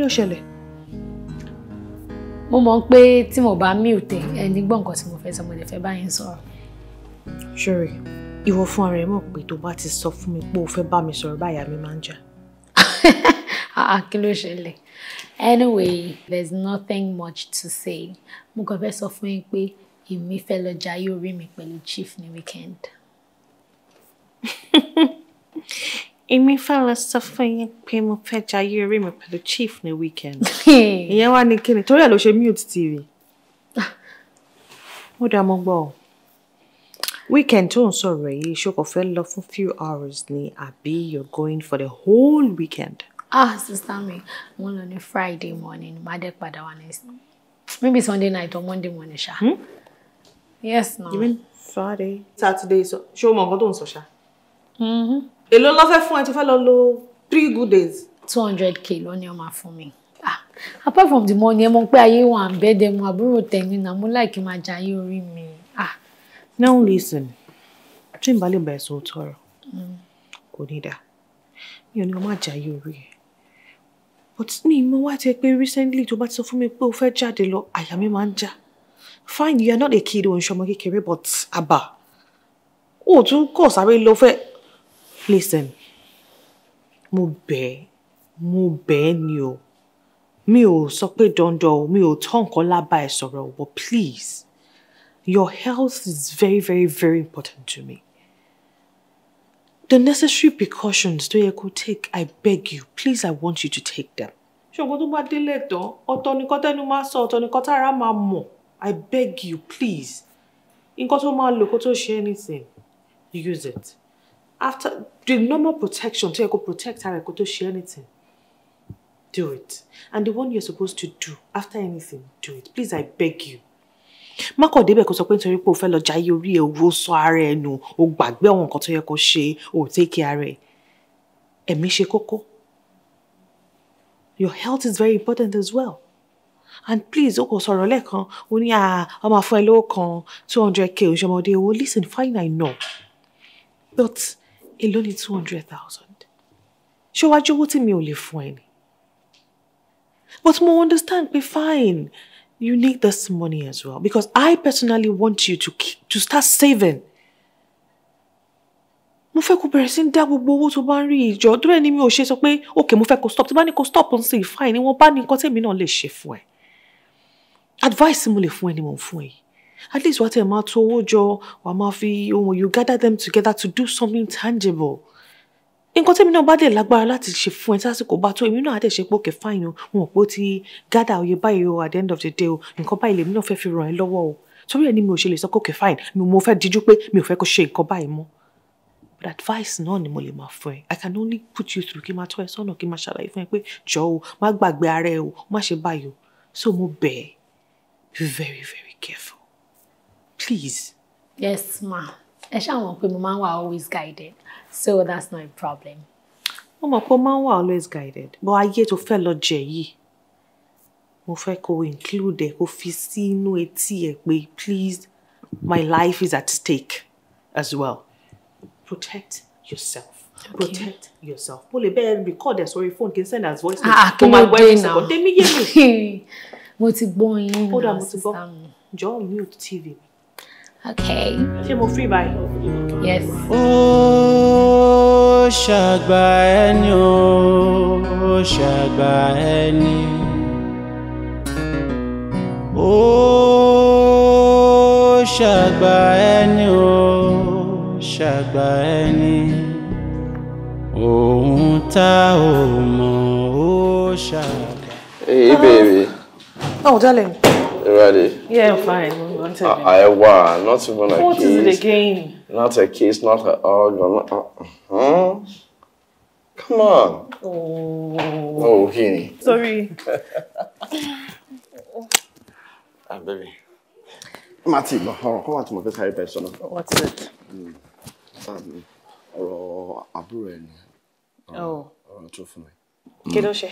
ló ṣẹlẹ̀? mo mọ̀ pé tí mo bá mí òtẹ̀ ẹni gbọ́ nǹkan tí mo fẹ́ sọ mo lè fẹ́ bá yín sọ̀rọ̀.
ṣòro ìwọ fún ara ẹ mọ̀ pé tó bá ti sọ fún mi pé o fẹ́ bá mi sọ̀rọ̀ báyà mi máa ń jà.
Ah, ah, kí ló ṣẹlẹ̀ anyway there's nothing much to say mo kàn fẹ́ sọ fún yín pé èmi fẹ́ lọ jayé orí mi pẹ̀lú chief ní weekend.
èmi fẹ́ lọ sọ fún yín pé mo fẹ́ jayé eré mi pẹ̀lú chief ní weekend ìyẹn wá ní kíni torí ẹ̀ ló ṣe mute tv ó dá mo gbọ́ ọ weekend tó ń sọ̀rọ̀ yìí ṣokò fẹ́ lọ fún few hours ni àbí you're going for the whole weekend.
ah sister mi mo lọ ní friday morning má padà wá ní maybe sunday night or monday morning ṣá. Hmm? yes na. No. you mean friday saturday ṣé o mọ nǹkan tó ń sọ ṣá. Mm-hmm. Elo ló fẹ́ fún ẹ tó fẹ́ lọ lo three good days. two hundred k ló ní ọmọ fún mi ah, apart from the money ẹ mọ̀ pé ayé wọn à ń bẹ́ dẹ̀ mọ́ àbúrò tẹ̀mí náà mo láì kí n máa jayé orí mi. Ah.
now listen tí n bá lè bá ẹ sọ tọrọ kò ní mi ò ní ọmọ àjàyé orí ẹ but me, mo wá ti pé recently to bá ti sọ fún mi pé o fẹ́ jáde lọ àyà mi máa ń fine you are not a kid o n ṣọmọ kékeré but àbá o tún kọ̀ sáré lọ fẹ́ Listen, mo bẹ̀ ẹ́, mo bẹ̀ ẹ́ ni o. Mi ò sọ pé dandan o, mi ò tọ́ nǹkan lábàá ẹ̀ sọ̀rọ̀ o, but please, your health is very very very important to me. The necessary precautions to yẹ take, I beg you, please, I want you to take them. Ṣùgbọ́n tó bá délé tán, ọ̀tọ̀ nìkan tẹ́nu máa sọ, ọ̀tọ̀ nìkan tára máa mọ̀. I beg you, please. Nǹkan tó máa lò kó tó ṣe anything, use it. After the normal protection tó yẹ kó protect her. I kó tó ṣe anything do it and the one you're supposed to do after anything do it please i beg you. má kàn débẹ̀ kó sọ pé nítorí pé o fẹ́ lọ jayé orí ẹ owó o gbàgbé àwọn nǹkan tó yẹ kó ṣe o take care ara ẹ ẹ̀mí your health is very important as well and please o kò sọ̀rọ̀ lẹ́ẹ̀kan o ní ọmọ àfọ ẹ kan two hundred k oṣù ọmọdé owó listen fine i know but èló ni two hundred thousand ṣé wàá jówó tí mi ò lè fún ẹ ni but mo understand pé fine you need this money as well because I personally want you to keep, to start saving. mo fẹ́ kó bẹ̀rẹ̀ sí ń dá gbogbo owó tó bá ń rí ìjọ tó bẹ́ẹ̀ ni mi ò ṣe sọ pé ok mo fẹ́ kó stop tí bá ní kó stop ń sìn fine ni wọ́n bá ní nǹkan tèmi náà lè ṣe fún ẹ advice mo lè fún ẹ ni mo ń fún ẹ yìí at least wàá tẹ̀ máa tó owó jọ wàá máa fi ohun you gather them together to do something tangible nǹkan tẹ́mi náà bá dẹ̀ lágbára láti ṣe fún ẹ sásìkò bá tó èmi náà á dẹ̀ ṣe pé òkè fáìn o wọn ò pé ó ti gádà òye báyìí o at the end of the day o nǹkan báyìí lèmi náà fẹ́ fi ràn ẹ́ lọ́wọ́ o torí ẹ ní mi ò ṣe lè sọ pé òkè fáìn mi mo fẹ́ díjú pé mi ò fẹ́ kó ṣe nǹkan báyìí mọ́ but advice náà ni mo lè máa fún ẹ i can only put you through kí n máa tọ́ ẹ sọ́nà kí n máa ṣàlàyé fún ẹ pé jọ o má gbàgbé ara ẹ o má ṣe báyìí o so mo bẹ̀ be very very careful please.
yes ma ẹ ṣáà mọ̀ pé mo máa always guided so that's not a problem.
mo my pé o always guided but I get to lọ jẹ yìí mo fẹ́ kó include ẹ̀ kó o fi sí inú etí ẹ̀ please my life is at stake as well protect yourself okay. protect yourself mo lè bẹ́ẹ̀ record ẹ̀ sorry phone can send as voice ah, note kó máa gbọ́ ẹ̀ sọ̀rọ̀ tẹ́mi
yé mi. mo ti gbọ́ yín náà sísá mi.
jọ̀ọ́ mute tv
Okay. ṣé mo free by. yes.
Oh,
ṣàgbà ẹni ó ṣàgbà ẹni oh ṣàgbà ẹni ó ṣàgbà ẹni ohun tá ò mọ̀ ó ṣàgbà. Hey,
baby. Oh, darling. You ready?
Yeah, I'm fine disappointed. I,
I were not even a what kiss. What is it
again?
Not a kiss, not a hug, not a, huh? Come on. Oh.
Oh, Kenny. Sorry.
ah, baby. Mati, no, on. Come on to my first high person.
What's it?
Mm. Um, ọ̀rọ̀ àbúrò ẹ̀ ni. Um, oh. Ọ̀rọ̀ tó fún mi. Kí ló ṣe?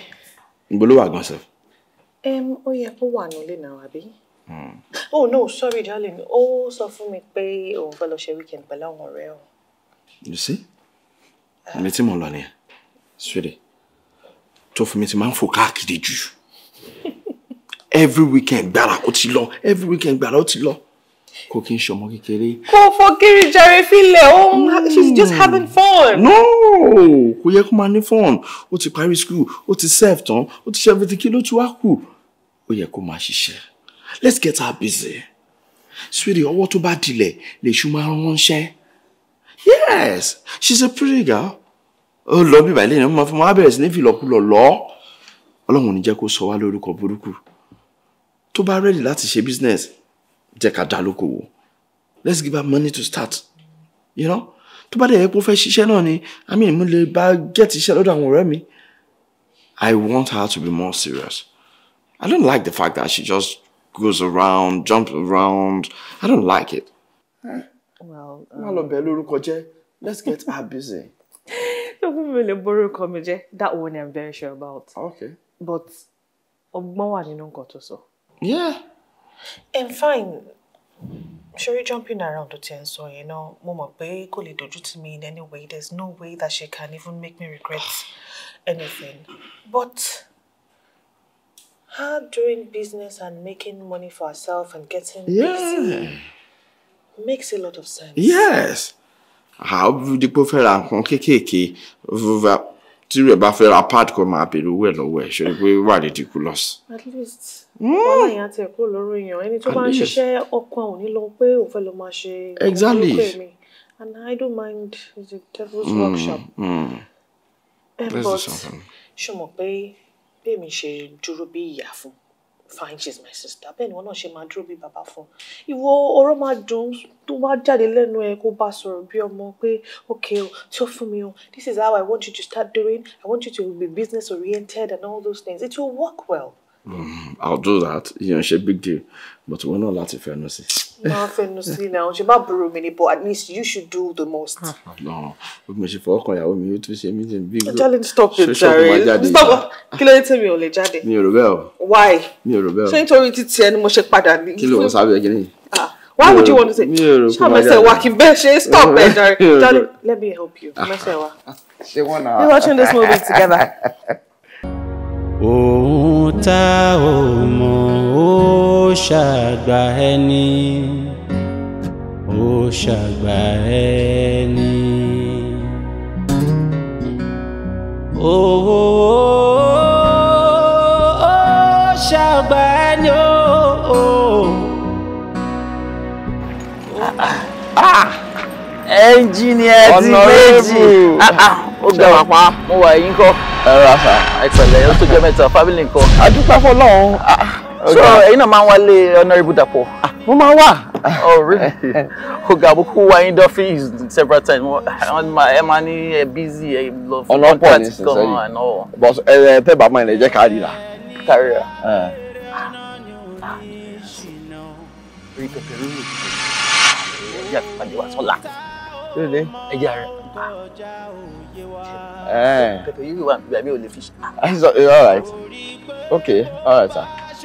Ìgbóló wà gan-an sẹ́f.
Um, ó yẹ kó wà nílé oh no sorry darling Oh, so fún mi pay over fẹ́ lọ weekend pẹ̀lú àwọn ọ̀rẹ́ o.
you see mi tí mo lọ nìyẹn ṣeré meeting. fún mi ti máa ń every weekend gbàrà oti lo. every weekend gbàrà oti lo. Cooking kò kí n ṣọmọ kékeré.
kò fọ kiri jẹrẹ filẹ o she's just having fun. no
kò yẹ fun Oti Paris school Oti ti serve tán ó ti ṣe everything kí ló let's get her busy sweetie ọwọ́ tó bá dilẹ̀ lèṣu máa ń ránṣẹ́ yes she's a pretty girl ó lọ bí ìbàlẹ̀ yẹn máa fi máa bẹ̀rẹ̀ sí ní fìlọ̀kulọ̀ lọ ọlọ́run ò ní jẹ́ kó sọ wá lórúkọ burúkú tó bá rẹ́dì láti ṣe business jẹ́ ká dá lókòwò let's give her money to start you know to bá dẹ̀ yẹ kó fẹ́ ṣiṣẹ́ ni i mean mo lè bá get iṣẹ́ lọ́dọ̀ àwọn ọ̀rẹ́ mi i want her to be more serious i don't like the fact that she just goes around, jumps around. I don't like
it. Well, um, let's get her busy. that one I'm very sure about. Okay. But ọgbọ́n you nínú nǹkan tó sọ. Yeah. And fine. Sherry jumping around the ten so you know, Mama Bay, pé kò lè me in any way. There's no way that she can even make me regret anything. But her doing business and making money for herself and getting yeah. busy makes a lot of sense.
Yes. How you prefer nǹkan kéékèèké tí rẹ̀ bá fẹ́ ra pad kó máa bèrè owó ẹ̀ lọ́wọ́ ẹ̀ ṣe pé wà ridiculous.
at least ọmọ hmm. èèyàn ti ẹ̀kọ́ lórí èèyàn ẹni any bá ń share, or òní lọ pé òun fẹ́ lọ máa ṣe exactly and I don't mind the devil's hmm, workshop.
Mm. Um, but
ṣùgbọ́n bẹ́ẹ̀mi ṣe dúró bí ìyá fún fine she's my sister bẹ́ẹ̀ ni wọn náà ṣe máa dúró bí bàbá fún ìwọ ọ̀rọ̀ máa dùn tó wá jáde lẹ́nu ẹ kó bá sọ̀rọ̀ bí ọmọ pé okay o tí ó fún mi o this is how I want you to start doing I want you to be business oriented and all those things it will work well. Mm,
I'll do that. You know, it's a big deal. But we're not allowed to fair nussy.
No, fair nussy now. She might borrow me, but at least you should do the most. Ah.
no, but me she for call ya me to say me big. Darling, stop it, Jerry. Stop.
Kí ló dé tèmi ò lè jáde. Mi ò rebel. Why? Mi ò rebel. Ṣé nítorí to ẹni mo ṣe padà ní. Kí ló wọ́n
sábẹ́ gini? Ah. Why would you want to
say?
Mi ò rebel. Ṣé àmọ́ ẹsẹ̀ wa kì
í bẹ́ẹ̀ ṣe? Stop it, Jerry. Darling, let me help you. Ah. Mẹ́sẹ̀ wa. Ṣé wọ́n náà? We're watching this movie together.
ohun tá ò mọ̀ ó ṣàgbà ẹni ó ṣàgbà ẹni. Oh, oh, oh, oh, ṣàgbà ẹni o. ẹnjìnìá ti méjì
ó gbà wá pa. mo wà yín kọ́. ẹ̀rọ àṣà ẹ̀tẹ̀lẹ̀ ó tó jẹ́ mẹ́ta fábílì nǹkan. adúpẹ́ fọlọ́run. so ẹ̀yin náà máa ń wálé honourable Dàpọ̀. mo máa ń wà. oh really ọ̀gá àbúkú wa yín dọ́fíìs
several times ẹ máa ní ẹ bízì ẹ lọ fún contract kan.
but ẹ ẹ tẹ́ bàbá ẹ̀ lè jẹ́ káàdì rà.
káàdì rà. rí pẹpẹ lórí
ìyá àti pàdé wa sọ́la lónìí. ẹja rẹ kẹtọ yìí wà níbi àmì ò lè fi ṣe. Ah, all right okay all
right sir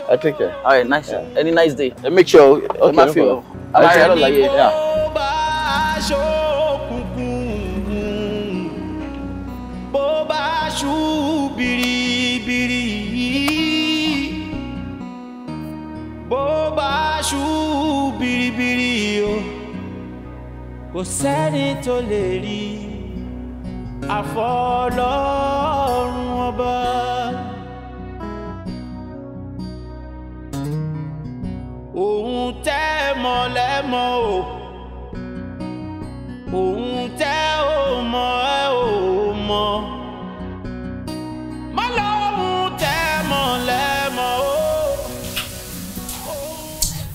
i take care. all right nice yeah. any nice day. Eh, make sure okay no problem. aláàrẹ ló láyé. kò sẹ́ni tó lè rí àfọlọ́run ọba. òun tẹ́ mọ̀ lẹ́mọ̀ o òun tẹ́ ò mọ̀ ẹ́ ò mọ̀.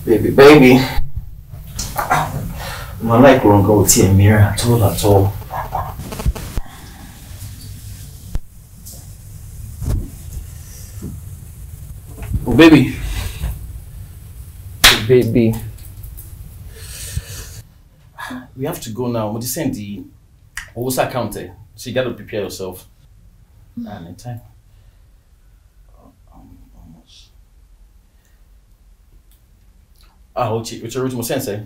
baby baby. My Mo láìkò Go ò a mirror. at all at all.
Oh baby. Oh baby. We have to go now. Mo ti send the Owusa County. so you gotta prepare yourself.
Mm. And in time.
Ah, o ti original ti rí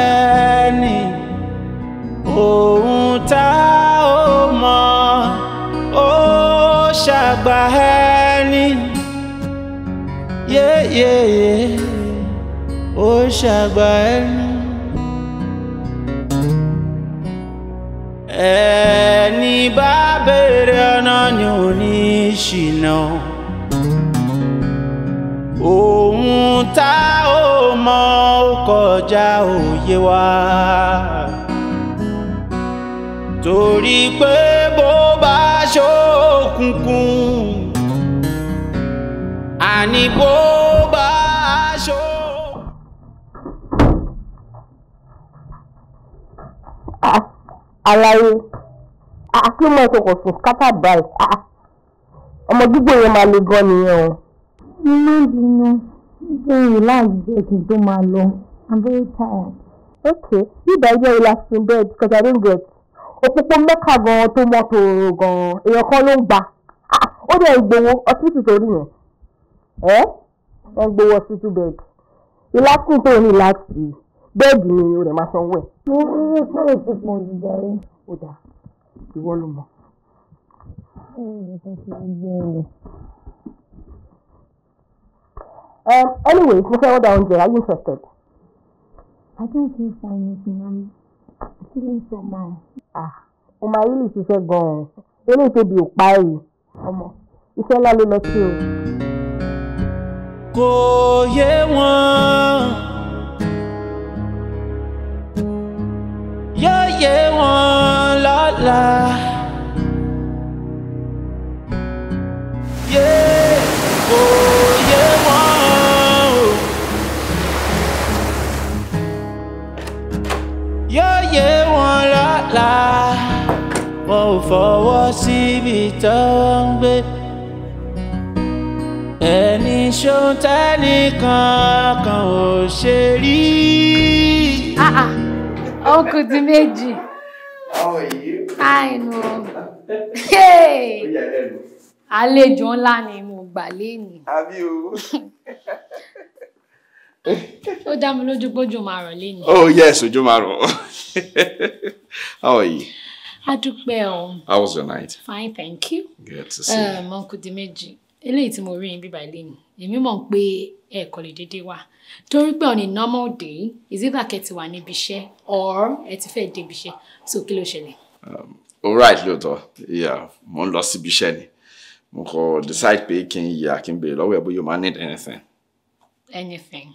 àgbà ẹni yéyéyé ó ṣàgbà ẹni. ẹni bá béèrè ọ̀nà ni ò ní ṣìnà ohun tá ò mọ kọjá òye wa torí pé aṣọ òkùnkùn àní bó bá aṣọ.
àlàyé àti mọ̀ ìkòkò sùn scatter bright ọmọ gbígbó yẹn máa le gan nìyẹn o.
inú ìdùnnú ìbéèrè láàyè kí n tó máa lọ i'm very tired.
okay you guys dey relax in bed because i don't get òpópó mẹ́ka gan-an tó mọ́ tòòrò gan-an èèyàn kan ló ń gbà ah, ó dẹ̀ gbowó ọsibítù tó rí yẹn ẹ́ ẹ́ gbowó ọsibítù bed ìlàkùn tó ní láti bẹ́ẹ̀dì ni o rẹ̀ máa sanwó ẹ̀.
mo rí i pé pọ̀ jù jàre. ó dà
ìwọ ló mọ̀. E anyway mo fẹ́ order oúnjẹ are you interested?
I think he's fine Ah, mo máa rí lè ṣiṣẹ́ gan-an
eléyìí tóbi ò pa ẹ̀yìn ọmọ iṣẹ́ ńlá ló lọ sí o. kò yé wọn
yóò yé wọn lọ́la. Yeah. fọwọ́ síbi tó ń gbé ẹni ṣóun tẹ́nìkan kan ò ṣe rí.
uncle di méjì. How are you? I know. Hey! Àlejò ńlá ni mo gbà lénìí.
Àbí o.
Ó dá mi lójú pójú máa rọ̀ lénìí. Oh
yes, ojú máa rọ̀. How are you?
adúpẹ́ o. how was your night. fine thank you. good to see you. ọmọ kùdí méjì eléyìí tí mo rí yín bíbá ilé mi èmi mọ̀ pé ẹ kò lè déédéé wá torí pé on a normal day is either kẹ́ ti wà níbi iṣẹ́ or ẹ ti fẹ́ débi iṣẹ́ so kí ló ṣẹlẹ̀.
Um, all right lóòótọ́ yeah mo ń lọ síbi iṣẹ́ ni mo kọ decide pé kí n yà kí n béèrè lọ́wọ́ ẹ̀ bóyá o máa
need anything. anything.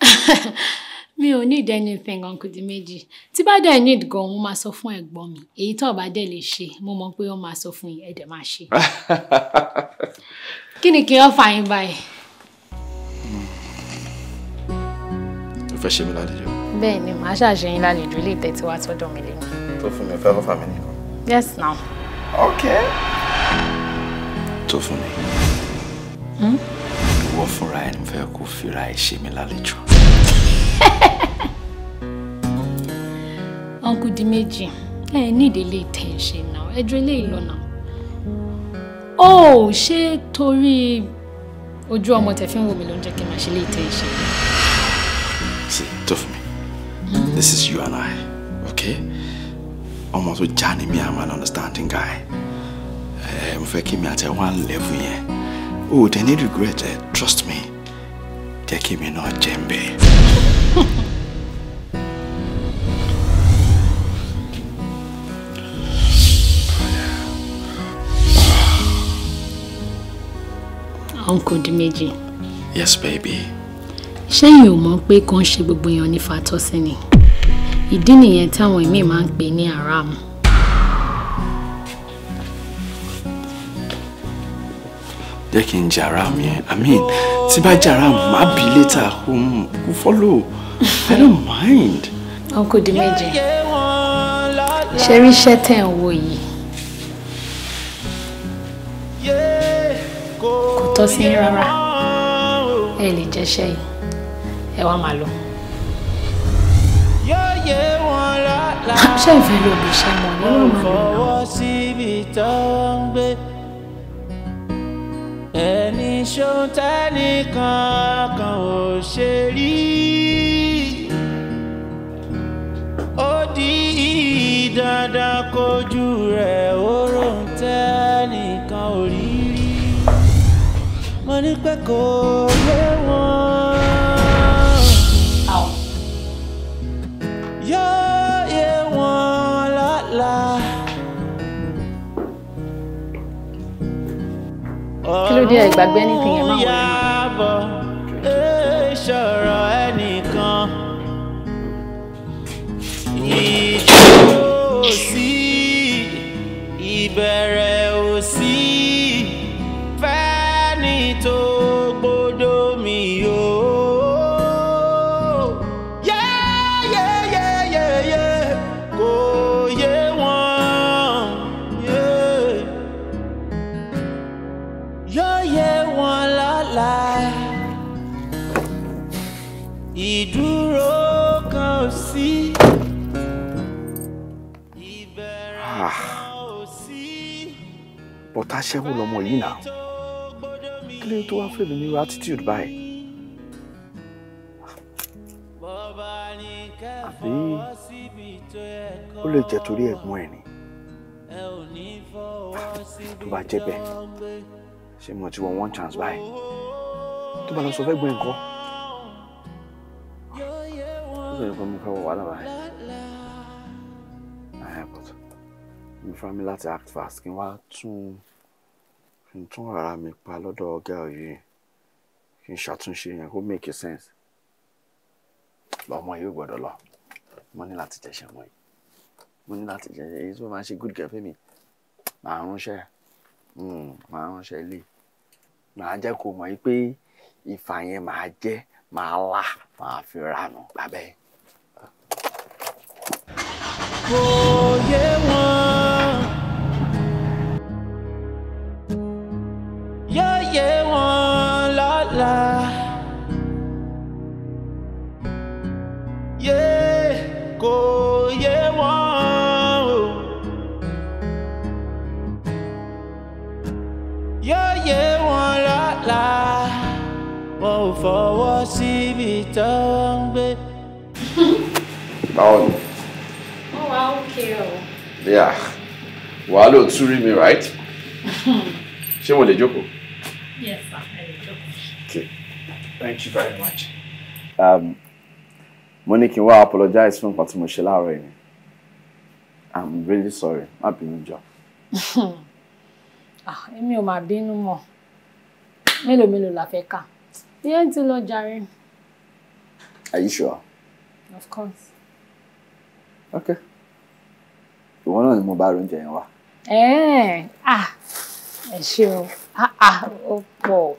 mi ò need anything uncle di méjì tí bá dẹ̀ need gan mo máa sọ fún ẹ̀gbọ́n mi èyí tó bá dẹ̀ lè ṣe mo mọ̀ pé ó máa sọ fún yín ẹ dẹ̀ máa ṣe. kí ni kí wọ́n fà yín báyìí.
o fẹ́ ṣe mí lálejò.
bẹ́ẹ̀ ni màá ṣàṣe yín lálejò ilé ìtẹ́tí wa tọ́jọ́ mi lẹ́yìn. tó fún
mi fẹ́ fọ́fà mi nìkan. yes now. ok. tó fún mi. Hmm? ìwọ fúnra ẹni fẹ́ kó fira ẹ ṣe mí lálejò.
uncle Dimeji I need a little attention now ẹ really eléyìí now. Oh, she ṣe torí ojú ọmọ tẹ fi ń wò mí ló ń jẹ́ kí n máa ṣe lè tẹ
this is you and I okay Omo so já mi i'm an understanding guy ẹ mo fẹ́ kí mi àti one level yẹn o they need regret ẹ trust me jẹ́ kí mi náà jẹ́ ń
uncle Dimeji. yes baby. ṣẹ́yìn ò mọ̀ pé kò ń ṣe gbogbo èèyàn ní fatọ́sí ni ìdí nìyẹn táwọn míì máa ń pè ní haram.
jẹ́ kí n jẹ aram yẹn i mean tí bá jẹ aram má bí later kó kó follow i don't mind.
uncle dimeji ṣe rí iṣẹ́ tẹ̀ ń wo yìí kò tọ́ sí rárá ẹ lè jẹ́ṣẹ́ yìí ẹ wá máa lọ. ṣé ìfẹ́ lóbi ṣe mọ̀ nínú ìmọ̀
nínú ẹni ṣohun tẹ́nìkan kan ò ṣe rí ó di dandan kojú rẹ̀ ó rohun tẹ́nìkan ò rí rí mo ní pé kò lé wọn. ẹ gbàgbé anything máa wọ
aṣẹ́wó lọmọ yìí náà kí ló tó wá fẹ́ mi nírú attitude báyìí. àbí ó lè jẹ́ torí ẹ̀gbọ́n ẹ̀ ni tó bá jẹ́ bẹ́ẹ̀ ṣé mo ti wọ one chance báyìí tó bá lọ sọ fẹ́ gbọ́n nǹkan ó lè kọ́ mi fẹ́ wọ wàhálà báyìí. But mi fẹ́ mi láti act fast kí n wá tún kí n tún ara mi pa lọ́dọ̀ ọ̀gá yìí kí n ṣàtúnṣe yẹn kó make sense lọ́mọ yìí ò gbọ́dọ̀ lọ mo ní láti jẹ́ṣẹ́ mọ́ yìí mo ní láti jẹ́ṣẹ́ èyí tó máa ṣe good girl fẹ́mi màá ránṣẹ́ hmm, màá ránṣẹ́ ilé màá jẹ́ kó mọ̀ yìí pé ìfà yẹn màá jẹ́ màá là màá fi ranù gbàbẹ́. kò yé wọn.
wọn ò fọwọ́ síbi tó ń gbé.
báwo ni.
wọ́n wá òkè o.
yeah wàá lò tún rí right. ṣé yes sir i okay
thank you very much.
Um, Monique, ní kí apologize for nǹkan tí mo ṣe i'm really sorry má bínú jọ.
Ah, èmi ò máa bínú be mélòó mélòó la fẹ́ kà Yeah, ti lọ Jerry. Are you sure? Of course.
Okay. Ìwọ náà ni mo bá oúnjẹ yẹn wá.
Eh, ah, ṣe o, ah, ah, ó pọ̀.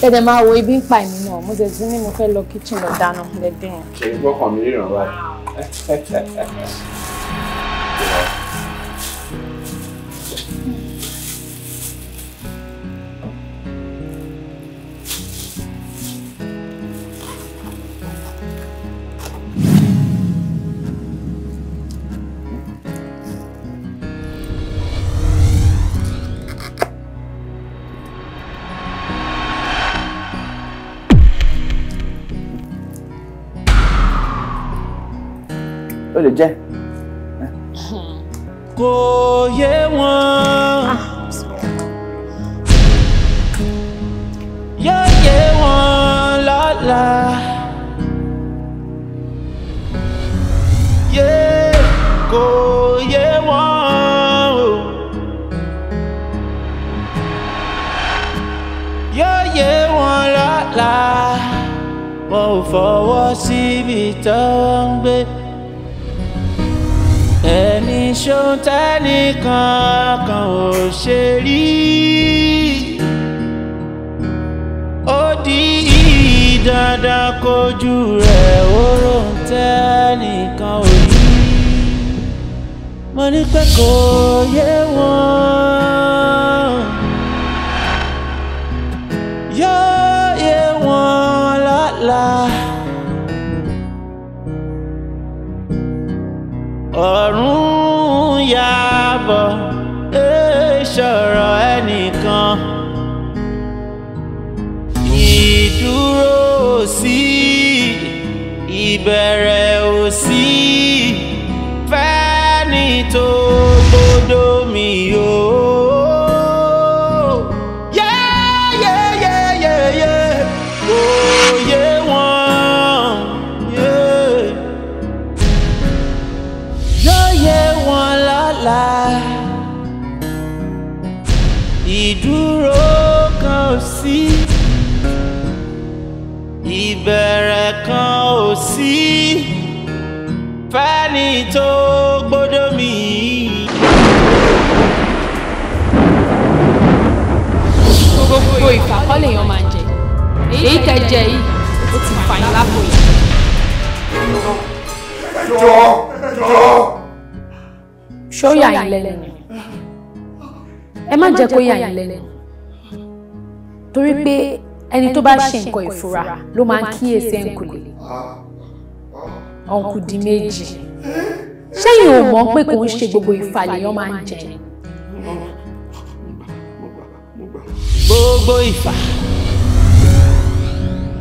Tẹ̀dẹ̀ máa wo ibi ń pa èmi náà, mo tẹ̀ sí ní mo fẹ́ lọ kíchìn lọ dáná lẹ́dẹ̀ yẹn.
Ṣèyí gbọ́kàn mi ríran wá.
jẹ́. kò yé wọn. Ah, yóò yé wọn lọ́la. yé kò yé wọn o. yóò yé wọn lọ́la. wọn ò fọwọ́ síbi tó ń gbé ṣeun tẹ́nìkan kan ò ṣe rí ó di dandan kojú rẹ̀ ó ròun tẹ́nìkan ò rí mo ní pé kò yé wọn yóò yé wọn lọ́la.
kẹ́ jẹ yìí ó ti fà yín lápò yìí. jọ jọ. ṣó yà yín lẹ́nu ẹ má jẹ́ kó yà yín lẹ́nu torí pé ẹni tó bá ṣe nǹkan ìfura ló máa ń kíyèsí ẹ̀ǹkùlé ọ̀ǹkù di méjì ṣẹ́yìn ò mọ̀ pé kò ń ṣe gbogbo ìfàlẹ̀ máa ń jẹ.
gbogbo ìfà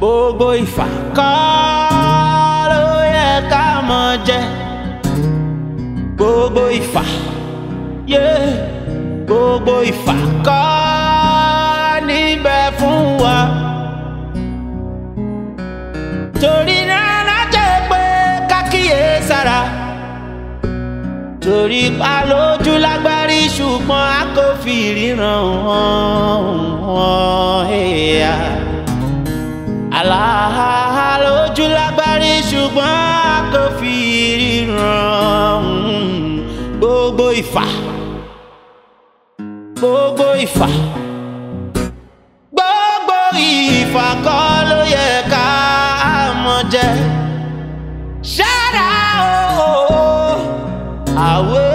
gbogbo ìfà kọ́ ló yẹ ká mọ jẹ gbogbo ìfà yé gbogbo ìfà kọ́ níbẹ̀ fún wa torí náà lájẹ pé kákíyè sára torí pa lójú lágbárí ṣùgbọ́n a kò fi ríran hàn hàn ẹ̀yà àlàhà lójú lágbárí ṣùgbọ́n a kò fi ríran gbogbo ìfà gbogbo ìfà gbogbo ìfà kọ́ ló yẹ ká mọ̀ jẹ ṣára o àwẹ̀.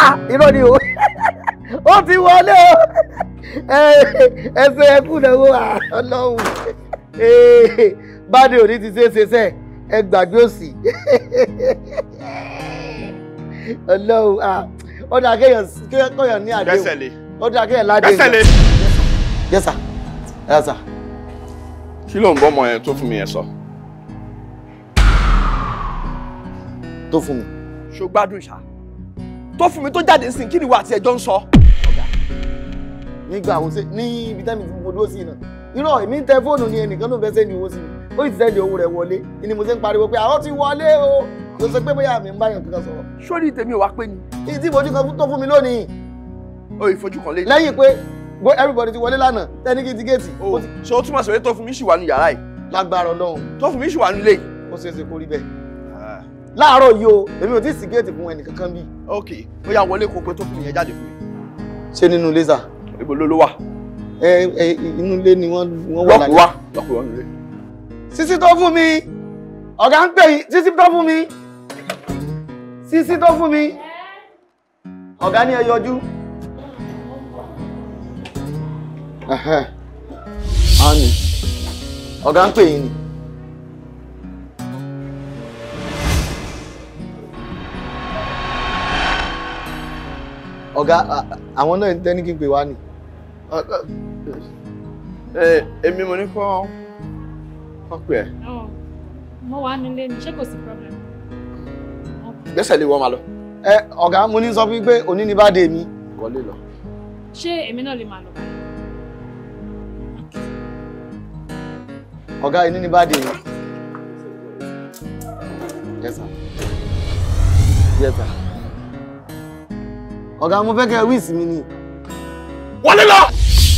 Ah, irọ́ ni o ó ti wọlé o ẹsẹ ẹkú náwó Ọlọ́run báde òní ti ṣe é ṣe sẹ ẹ gbàgbé òsì Ọlọ́run ó dáa kéèyàn kéèyàn ní àdéhùn ó dáa kéèyàn ládéhùn. dẹ́sẹ̀lé.
yẹ́sà yẹ́sà. kí ló ń bọ́ ọmọ yẹn tó fún mi yẹn sọ. tó fún mi. ṣó gbádùn ṣá
tó fún mi tó jáde sí kí ni wà á ẹjọ́ ń sọ nígbà wo ṣe ní ibi tẹ́mi tí mo dúró sí iná irọ́ èmi ń tẹ fóònù ni ẹnìkan ló fẹ́ ṣe ni owó sí mi ó sì sẹ́ẹ̀dì owó rẹ̀ wọlé ni mo ṣe ń pariwo pé àwọn ti wọlé o kò sọ pé bóyá mi ń bá yàn kankan sọ̀rọ̀. sórí tèmi ò wá pé ni. iye tí ìfojú tó fún mi lónìí. o ìfojú kan lẹ́yìn. pé everybody ti wọlé lánàá tẹ́ni kí ti géètì. o ṣe o túmọ̀ sí pé tó fún mi ṣì wà ní yàrá yìí. lágbára Ọlọ́run. tó fún mi ṣì wà nílé. ó ṣeé ṣe kó rí bẹ́ẹ̀ ah. láàárọ̀ yìí o èmi ò tí ì géètì fún ẹnì kankan bí. ok bóyá wọlé kó pé tó fún mi yẹn jáde fún mi. ṣé nínú lézà ibo ló ló wà. ẹ ẹ inú ilé ni wọ́n wọ́n wà lálẹ́. lọ́pù wá lọ́pù wá nílé. sísí tó fún mi ọ̀gá ń pè yín sísí tó fún mi Sisi tó fún mi ọ̀gá ní ẹ yọjú. ọ̀gá ń pè yín ni. ọ̀gá àwọn náà tẹ́ ní kí n pè wá ni. èmi mo ní kọ́ kọ́ pè ẹ́.
Oh, mo wà nílé ni ṣé kò sí problem.
gbẹ́sẹ̀ lé wọ́n máa lọ. ẹ ọ̀gá mo ní sọ fún yín pé òní ni bá dé mi. wọlé lọ.
ṣé èmi náà lè máa lọ
ọ̀gá inú ní bá dé mi. Yes, sir ọ̀gá mo fẹ́ kẹ́ wíìsì mi ni. wọlé lọ.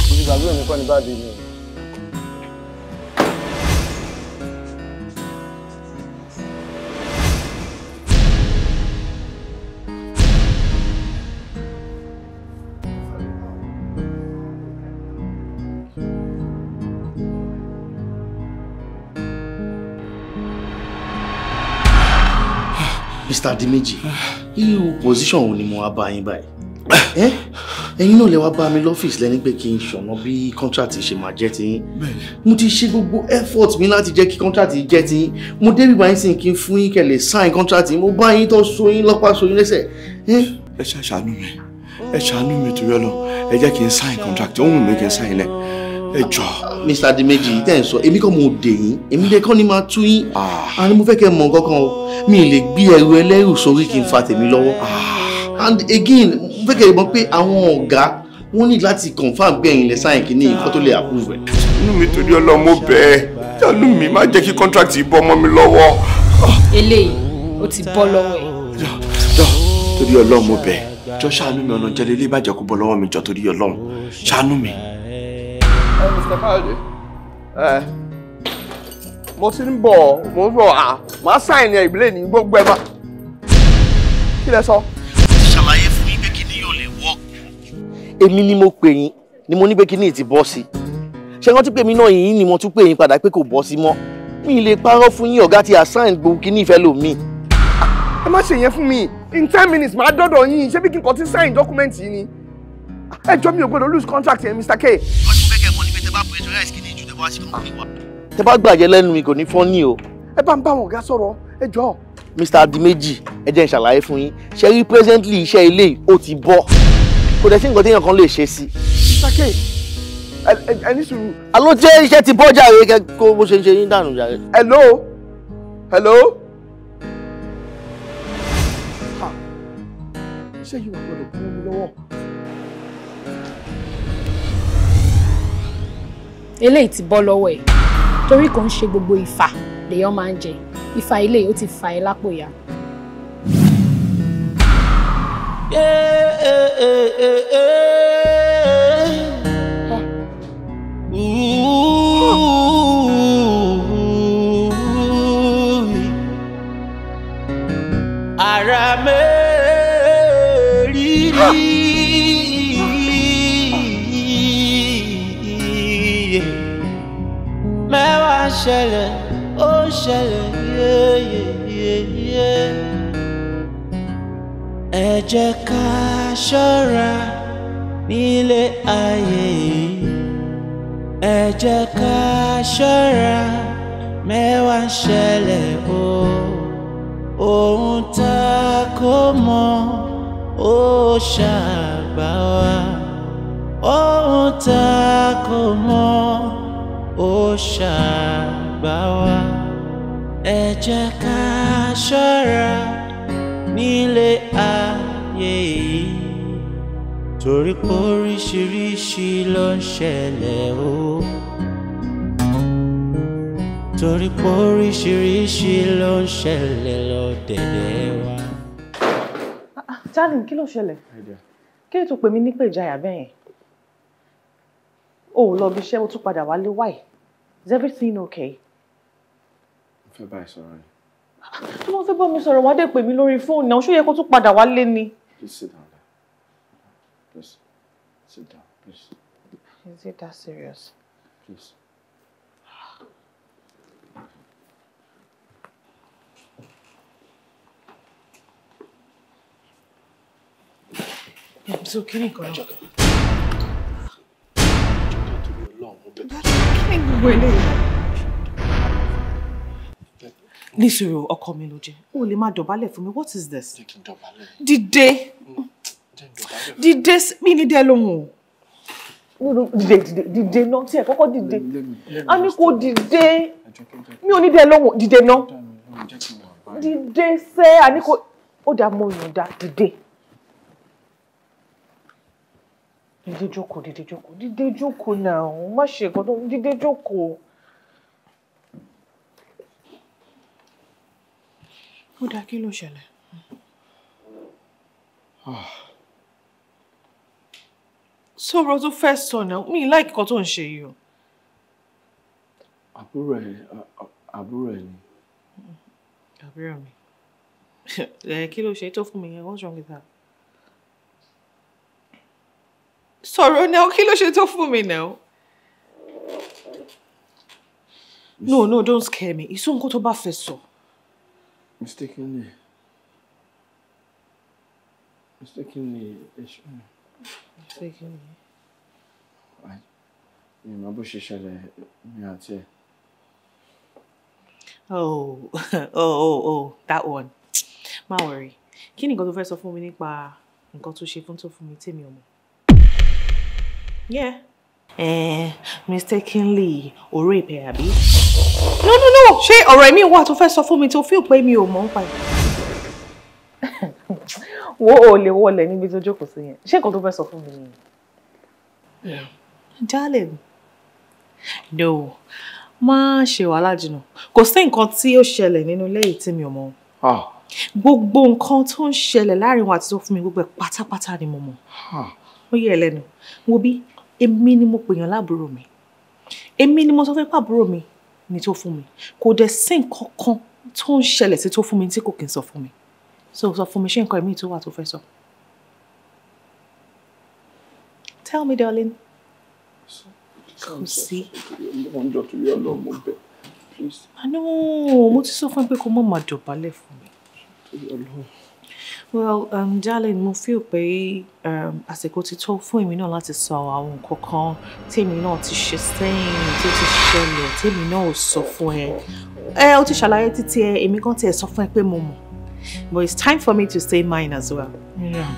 mo ti gbàgbé mi kọ́ ní bá dèmi. Mr. Dimeji irú position wo ni mo wá bá yín báyìí eh? ẹ̀yin náà lè wá bá mi lọ́fíìsì lẹ́ni pé kí n ṣọ̀nà bí kọ́ńtrátì ṣe máa jẹ́ tiyín mo ti ṣe gbogbo effort mi láti jẹ́ kí kọ́ńtrátì jẹ́ tiyín mo débi báyìí sì kí n fún yín kẹlẹ̀ sign kọ́ńtrátì mo bá yín tó so yín lọ́pàá so yín lẹ́sẹ̀. Eh?
ẹ ṣàánú mi ẹ ṣàánú mi torí Ọlọ́run ẹ jẹ́ kí n sign contract ó wù mí kí n sign
lẹ̀ ẹ jọ. Mr. Dimeji tẹ́ ẹ̀ sọ èmi kọ́ mo dè yín èmi dẹ́ kọ́ ni máa tú yín ah. àní mo fẹ́ kẹ́ mọ̀ kankan o mi lè gbé ẹrù ẹlẹ́rù sórí kí n fa tèmi lọ́wọ́ ah. and again mo fẹ́ kẹ́ mọ̀ pé àwọn ọ̀gá wọ́n ní láti confam bí ẹ̀yin lẹ sáyẹn kìíní nǹkan tó lè
approve ẹ̀. inú mi torí ọlọ́mọ bẹ́ẹ̀ jálù mi má jẹ́ kí contract yìí bọ́ ọmọ mi
lọ́wọ́. eléyìí ó ti bọ́ lọ́wọ́ ẹ̀.
torí ọlọ́mọ bẹ́ẹ̀ jọ ṣàánú mi ọ̀nà jẹ́lé ilé ìbàjẹ́ kó bọ́ lọ́wọ́ mi jọ torí ọlọ́run ṣàánú mi ẹnu stefani ẹ mo ti ń bọ̀ mo
ń bọ̀ ah, à máa sáìn ní ìbílẹ̀ ní gbogbo ẹ̀ má kí lẹ sọ. ṣàlàyé fún yín pé kí ni yóò lè wọ́. èmi ni mo pè yín ni mo ní pé kí ni ì ti bọ́ sí i ṣé rántí pé mi náà yìí ni mo tún pè yín padà pé kò bọ́ sí mọ́ mi lè parọ́ fún yín ọ̀gá ti assign gbogbo kí ni ìfẹ́ lò mí. ẹ má ṣe yẹn fún mi in ten minutes màá dọ́dọ̀
yín ṣé bí kí n kàn ti sign document yìí ni ẹ jọ mi ò gbọdọ̀ lose contract yẹn Mr. K tẹ bá
pèsè rice kìíní jù tẹ bá ṣe kàn wá. tẹ bá gbàjẹ lẹ́nu mi kò ní fọ́n ní o. ẹ bá ń bá àwọn ọ̀gá sọ̀rọ̀ ẹ jọ. Mr. Adimeji ẹ jẹ́ n ṣàlàyé fún yín ṣe rí presently iṣẹ́ ilé yìí ó ti bọ́ kò dẹ̀ sí nǹkan téèyàn kan lè ṣe sí.
sake ẹ ní sùúrù.
àló jẹ́ iṣẹ́ ti bọ́ jàre kẹ kó bó ṣe ń ṣe yín dànù jàre. hello hello.
ṣé yóò wà gbọdọ̀ kún mi lọ́wọ́.
eléyìí ti bọ́ lọ́wọ́ ẹ̀ torí kò ń ṣe gbogbo ìfà lèèyàn máa ń jẹ ìfà eléyìí ó ti fà ẹ́ lápò ya.
Eh, eh, eh, eh, eh. ṣẹlẹ̀ lọ dẹ̀dẹ̀ wa.
Darling, ah, ah, kí ló ṣẹlẹ̀? Kí ló tún pè mí nípa ìjayà bẹ́ẹ̀ yẹn? O ò lọ bí iṣẹ́, o tún padà wálé wáì. Is everything okay?
Mo fẹ́ báyìí sọ̀rọ̀ ni.
Tí wọ́n fẹ́ bá mi sọ̀rọ̀, wọ́n á dẹ̀ pè mí lórí fóònù náà. Ṣé ó yẹ kó tún padà wálé ni?
Please sit down Please sit down, please.
Is it that serious? Please. yẹn so kí ni nǹkan náà. jọkẹ́ jọkẹ́ torí Ọlọ́run mo bẹ̀. kí ni gbogbo eléyìí. nísìrò ọkọ mi ló jẹ o lè máa dọ̀bálẹ̀ fún mi what is this. jẹ́ kí n dọ̀bálẹ̀. dìde dìde mi ní Did they? o dìde dìde dìde Did they ẹ kọ́kọ́ dìde a ní kó dìde mi ò ní dẹ lọ́wọ́ Did they? dìde sẹ́ a ní kó ó dà mọ́ ìyọ̀ǹda dìde. dídé jókòó dídé jókòó dídé jókòó náà má ṣe nǹkan tó dídé jókòó. ó dáa kí ló ṣẹlẹ̀. sọ̀rọ̀ ah. tó fẹ́ sọ náà mi láì kọ́ tó ń ṣe yìí o.
àbúrò ẹ àbúrò ẹ ni.
àbúrò mi eh, kí ló ṣe tó fún mi what's wrong with that. sọ̀rọ̀ náà kí ló ṣe tó fún mi náà. no no don't scare me ìsọ nǹkan tó bá fẹ́ sọ.
mistakenly mistakenly ẹṣọ.
mistakenly.
mi ò mọ bó ṣe ṣẹlẹ̀ mi àti ẹ̀.
oh oh oh oh that one má worry kí ni nǹkan tó fẹ́ sọ fún mi nípa nǹkan tó ṣe fún tó fún mi tèmi ò Yeah. Eh, mistakenly, ọ̀rẹ́ ìbẹ̀ àbí? No, no, no! She ọ̀rọ̀ mi wà to fẹ́ sọ fún mi tó feel pé mi ò mọ̀ pa ẹ̀? Wo ò lè wọlé níbi tó jókòó sí yẹn. Ṣé nǹkan tó fẹ́ sọ mi ni? Darling, no, Ma ṣe wàhálà jìnnà. Kò sí nǹkan tí ó ṣẹlẹ̀ nínú ilé yìí tí mi ò mọ̀. Gbogbo nǹkan tó ń ṣẹlẹ̀ láàrin wa àti tó fún mi gbogbo ẹ̀ ni mo mọ̀. Ó yẹ ẹlẹ́nu. Wo bí èmi ni mo pèèyàn láàbúrò mi èmi ni mo sọ fún pàbúrò mi ni tó fún mi kò dẹ̀ sí nǹkan kan tó ń ṣẹlẹ̀ sí tó fún mi tí kò kí n sọ fún mi so sọ fún mi ṣé nǹkan míì tó wà tó fẹ́ sọ. tell me darling.
kò sí. mo ń jọ torí Ọlọ́run mo bẹ̀
please. àná mo ti sọ fún ẹ pé kó má máa dọ̀bálẹ̀ fún mi. Well, um, darling, mo feel pé um, àsìkò ti tó fún èmi náà láti sọ àwọn nǹkan kan tèmi náà ti ṣe sẹ́yìn tó ti ṣẹlẹ̀ tèmi náà ò sọ fún ẹ. Ẹ o ti ṣàlàyé títí ẹ èmi kan tiẹ̀ sọ fún ẹ pé mo mọ̀ but it's time for me to say mine as well. Yeah.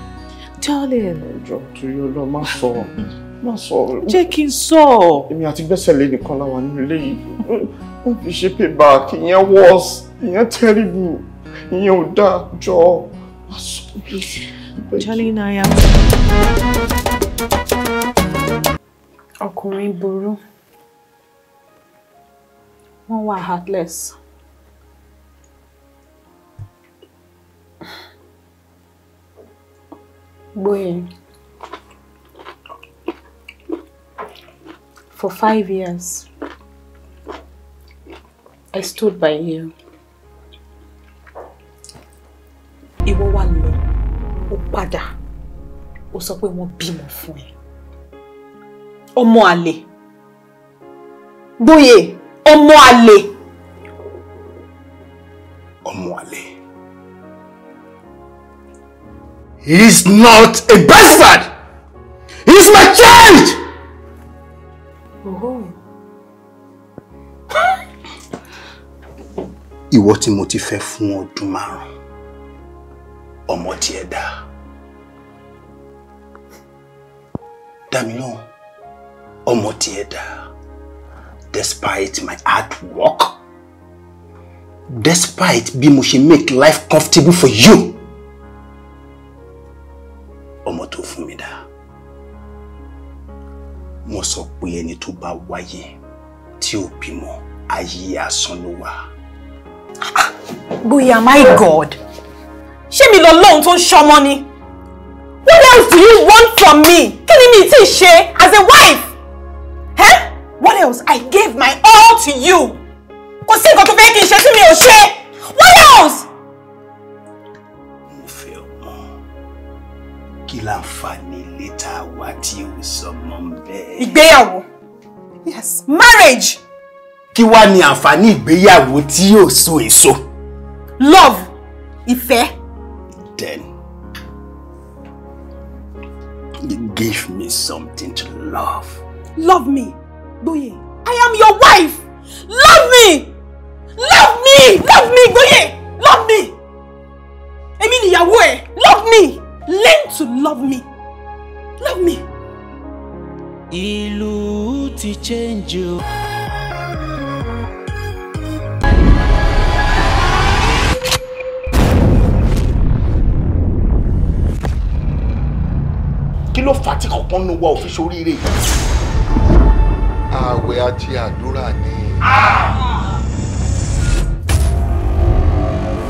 Darling. Ẹjọ́ torí ọlọ́ má sọ má sọ. Jẹ́ kí n sọ.
Èmi àti Gbẹ́sẹ̀lé nìkan láwa nínú ilé yìí. Wọ́n fi ṣe payback ìyẹn worse
ìyẹn
terrible ìyẹn ò dáa jọ. Charlie na ya. Ọkùnrin burú. Wọ́n wà heartless. Boy. For five years, I stood by you. ìwọ wà lọ ó padà ó sọ pé wọ́n bímọ fún ẹ ọmọ àlè Bóyè ọmọ àlè.
ọmọ àlè. he is
not a bastard he is my child. ìwọ
tí mo ti fẹ́ fún ọdún márùn-ún ọmọ tiẹ̀ dá dámi lóhùn ọmọ tiẹ̀ dá despite my hard work despite bí mo ṣe make life comfortable for you ọmọ tó fún mi dá wọ́n sọ pé ẹni tó bá wáyé tí ò bímọ ayé asán ló wà.
Ah, ah, bóyá my God ṣé mi lọ lóhun tó ń ṣọmọ ni what else do you want from me kí ni mi ti ṣe as a wife eh? what else I gave my all to you kò sí nǹkan tó fẹ́ kí n ṣe tí mi ò ṣe
what else. mo
fẹ́ mọ kí láǹfààní létà wá tí o sọ mọ́ bẹ́ẹ̀.
ìgbéyàwó
yes marriage. kí wàá ní àǹfààní ìgbéyàwó tí yóò so èso.
love ìfẹ́
then give me something to love.
Love me, Goye. I am your wife. Love me. Love me. Love me, Goye. Love me. Èmi nìyàwó ẹ. Love me. Learn to love me. Love me. Ìlú
ti change you.
kí ló fà á tí kankan nu wa ò fi ṣoríire. ààwẹ̀ àti àdúrà ni.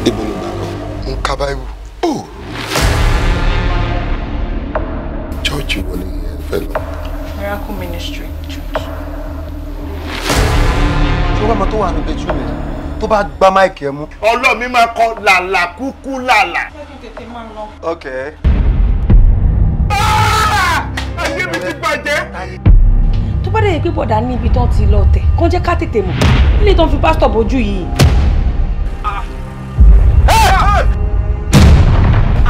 ibo ló gbàgbọ́. n ká báyìí o. chọ́ọ̀chì wo ni ẹ fẹ́ lọ.
miracle ministry church.
ṣé wọ́n mọ tó wà ní bẹ́tú mi tó bá gba máìkì ẹ mú. ọlọ́ọ̀ mi máa kọ làlà kúkú làlà. ok. okay.
ti bàjẹ́. tó bá dẹ̀ yẹ pé bọ̀dá ní ibi tán ti lọ tẹ̀ kó jẹ́ ká tètè mọ̀ nílé tán fi pásítọ̀ bójú yìí. Ah.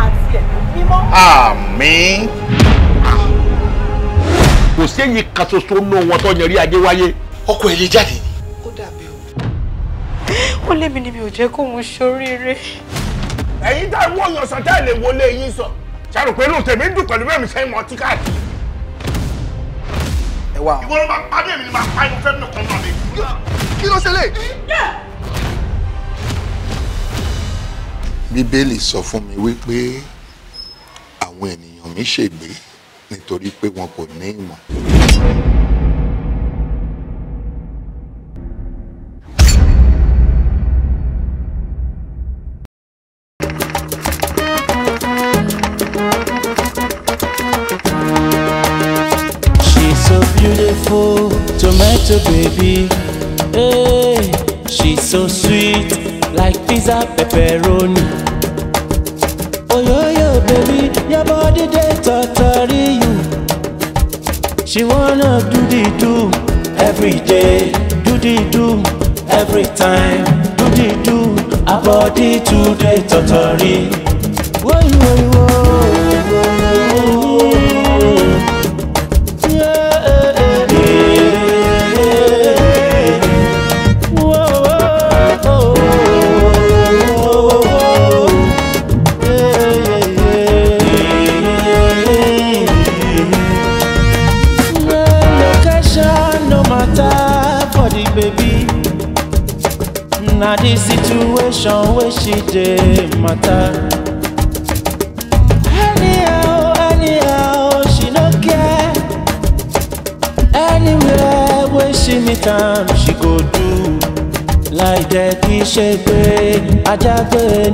àti ẹ̀kọ́ mímọ́.
àmín kò séyìí kan ṣoṣo nù wọn tó yẹrí ajé wáyé. ọkọ ẹ̀ lè jáde ni. ó dàbí o.
ó lé mi ni mi ò jẹ́
kóun ṣoríire. ẹ̀yin tá a wọ̀yàn sọ tá ẹ̀ lè wọlé yín sọ ṣàrò pé inú dùn pẹ̀lú bẹ́ẹ̀ mi ṣe ń ẹ wá. ìwọ ló máa pàdé mi ni máa pa ìwọ fẹ́ mi kan náà mi. kí ló ṣe lè.
bíbélì sọ fún mi wípé àwọn ènìyàn mi ṣègbé nítorí pé wọn kò ní ìmọ̀.
so sweet like pizza pepperoni. Oh yo yo, baby, your body they totori you. She wanna do the do every day, do the do every time, do the do. Our body today totori. Woyo woyo.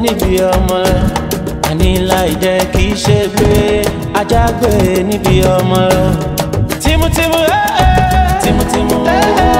níbi ọmọ àní láìdẹ kì í ṣe pé ajá gbé níbi ọmọ. tìmùtìmù ẹ́ẹ́ tìmùtìmù ẹ́ẹ́.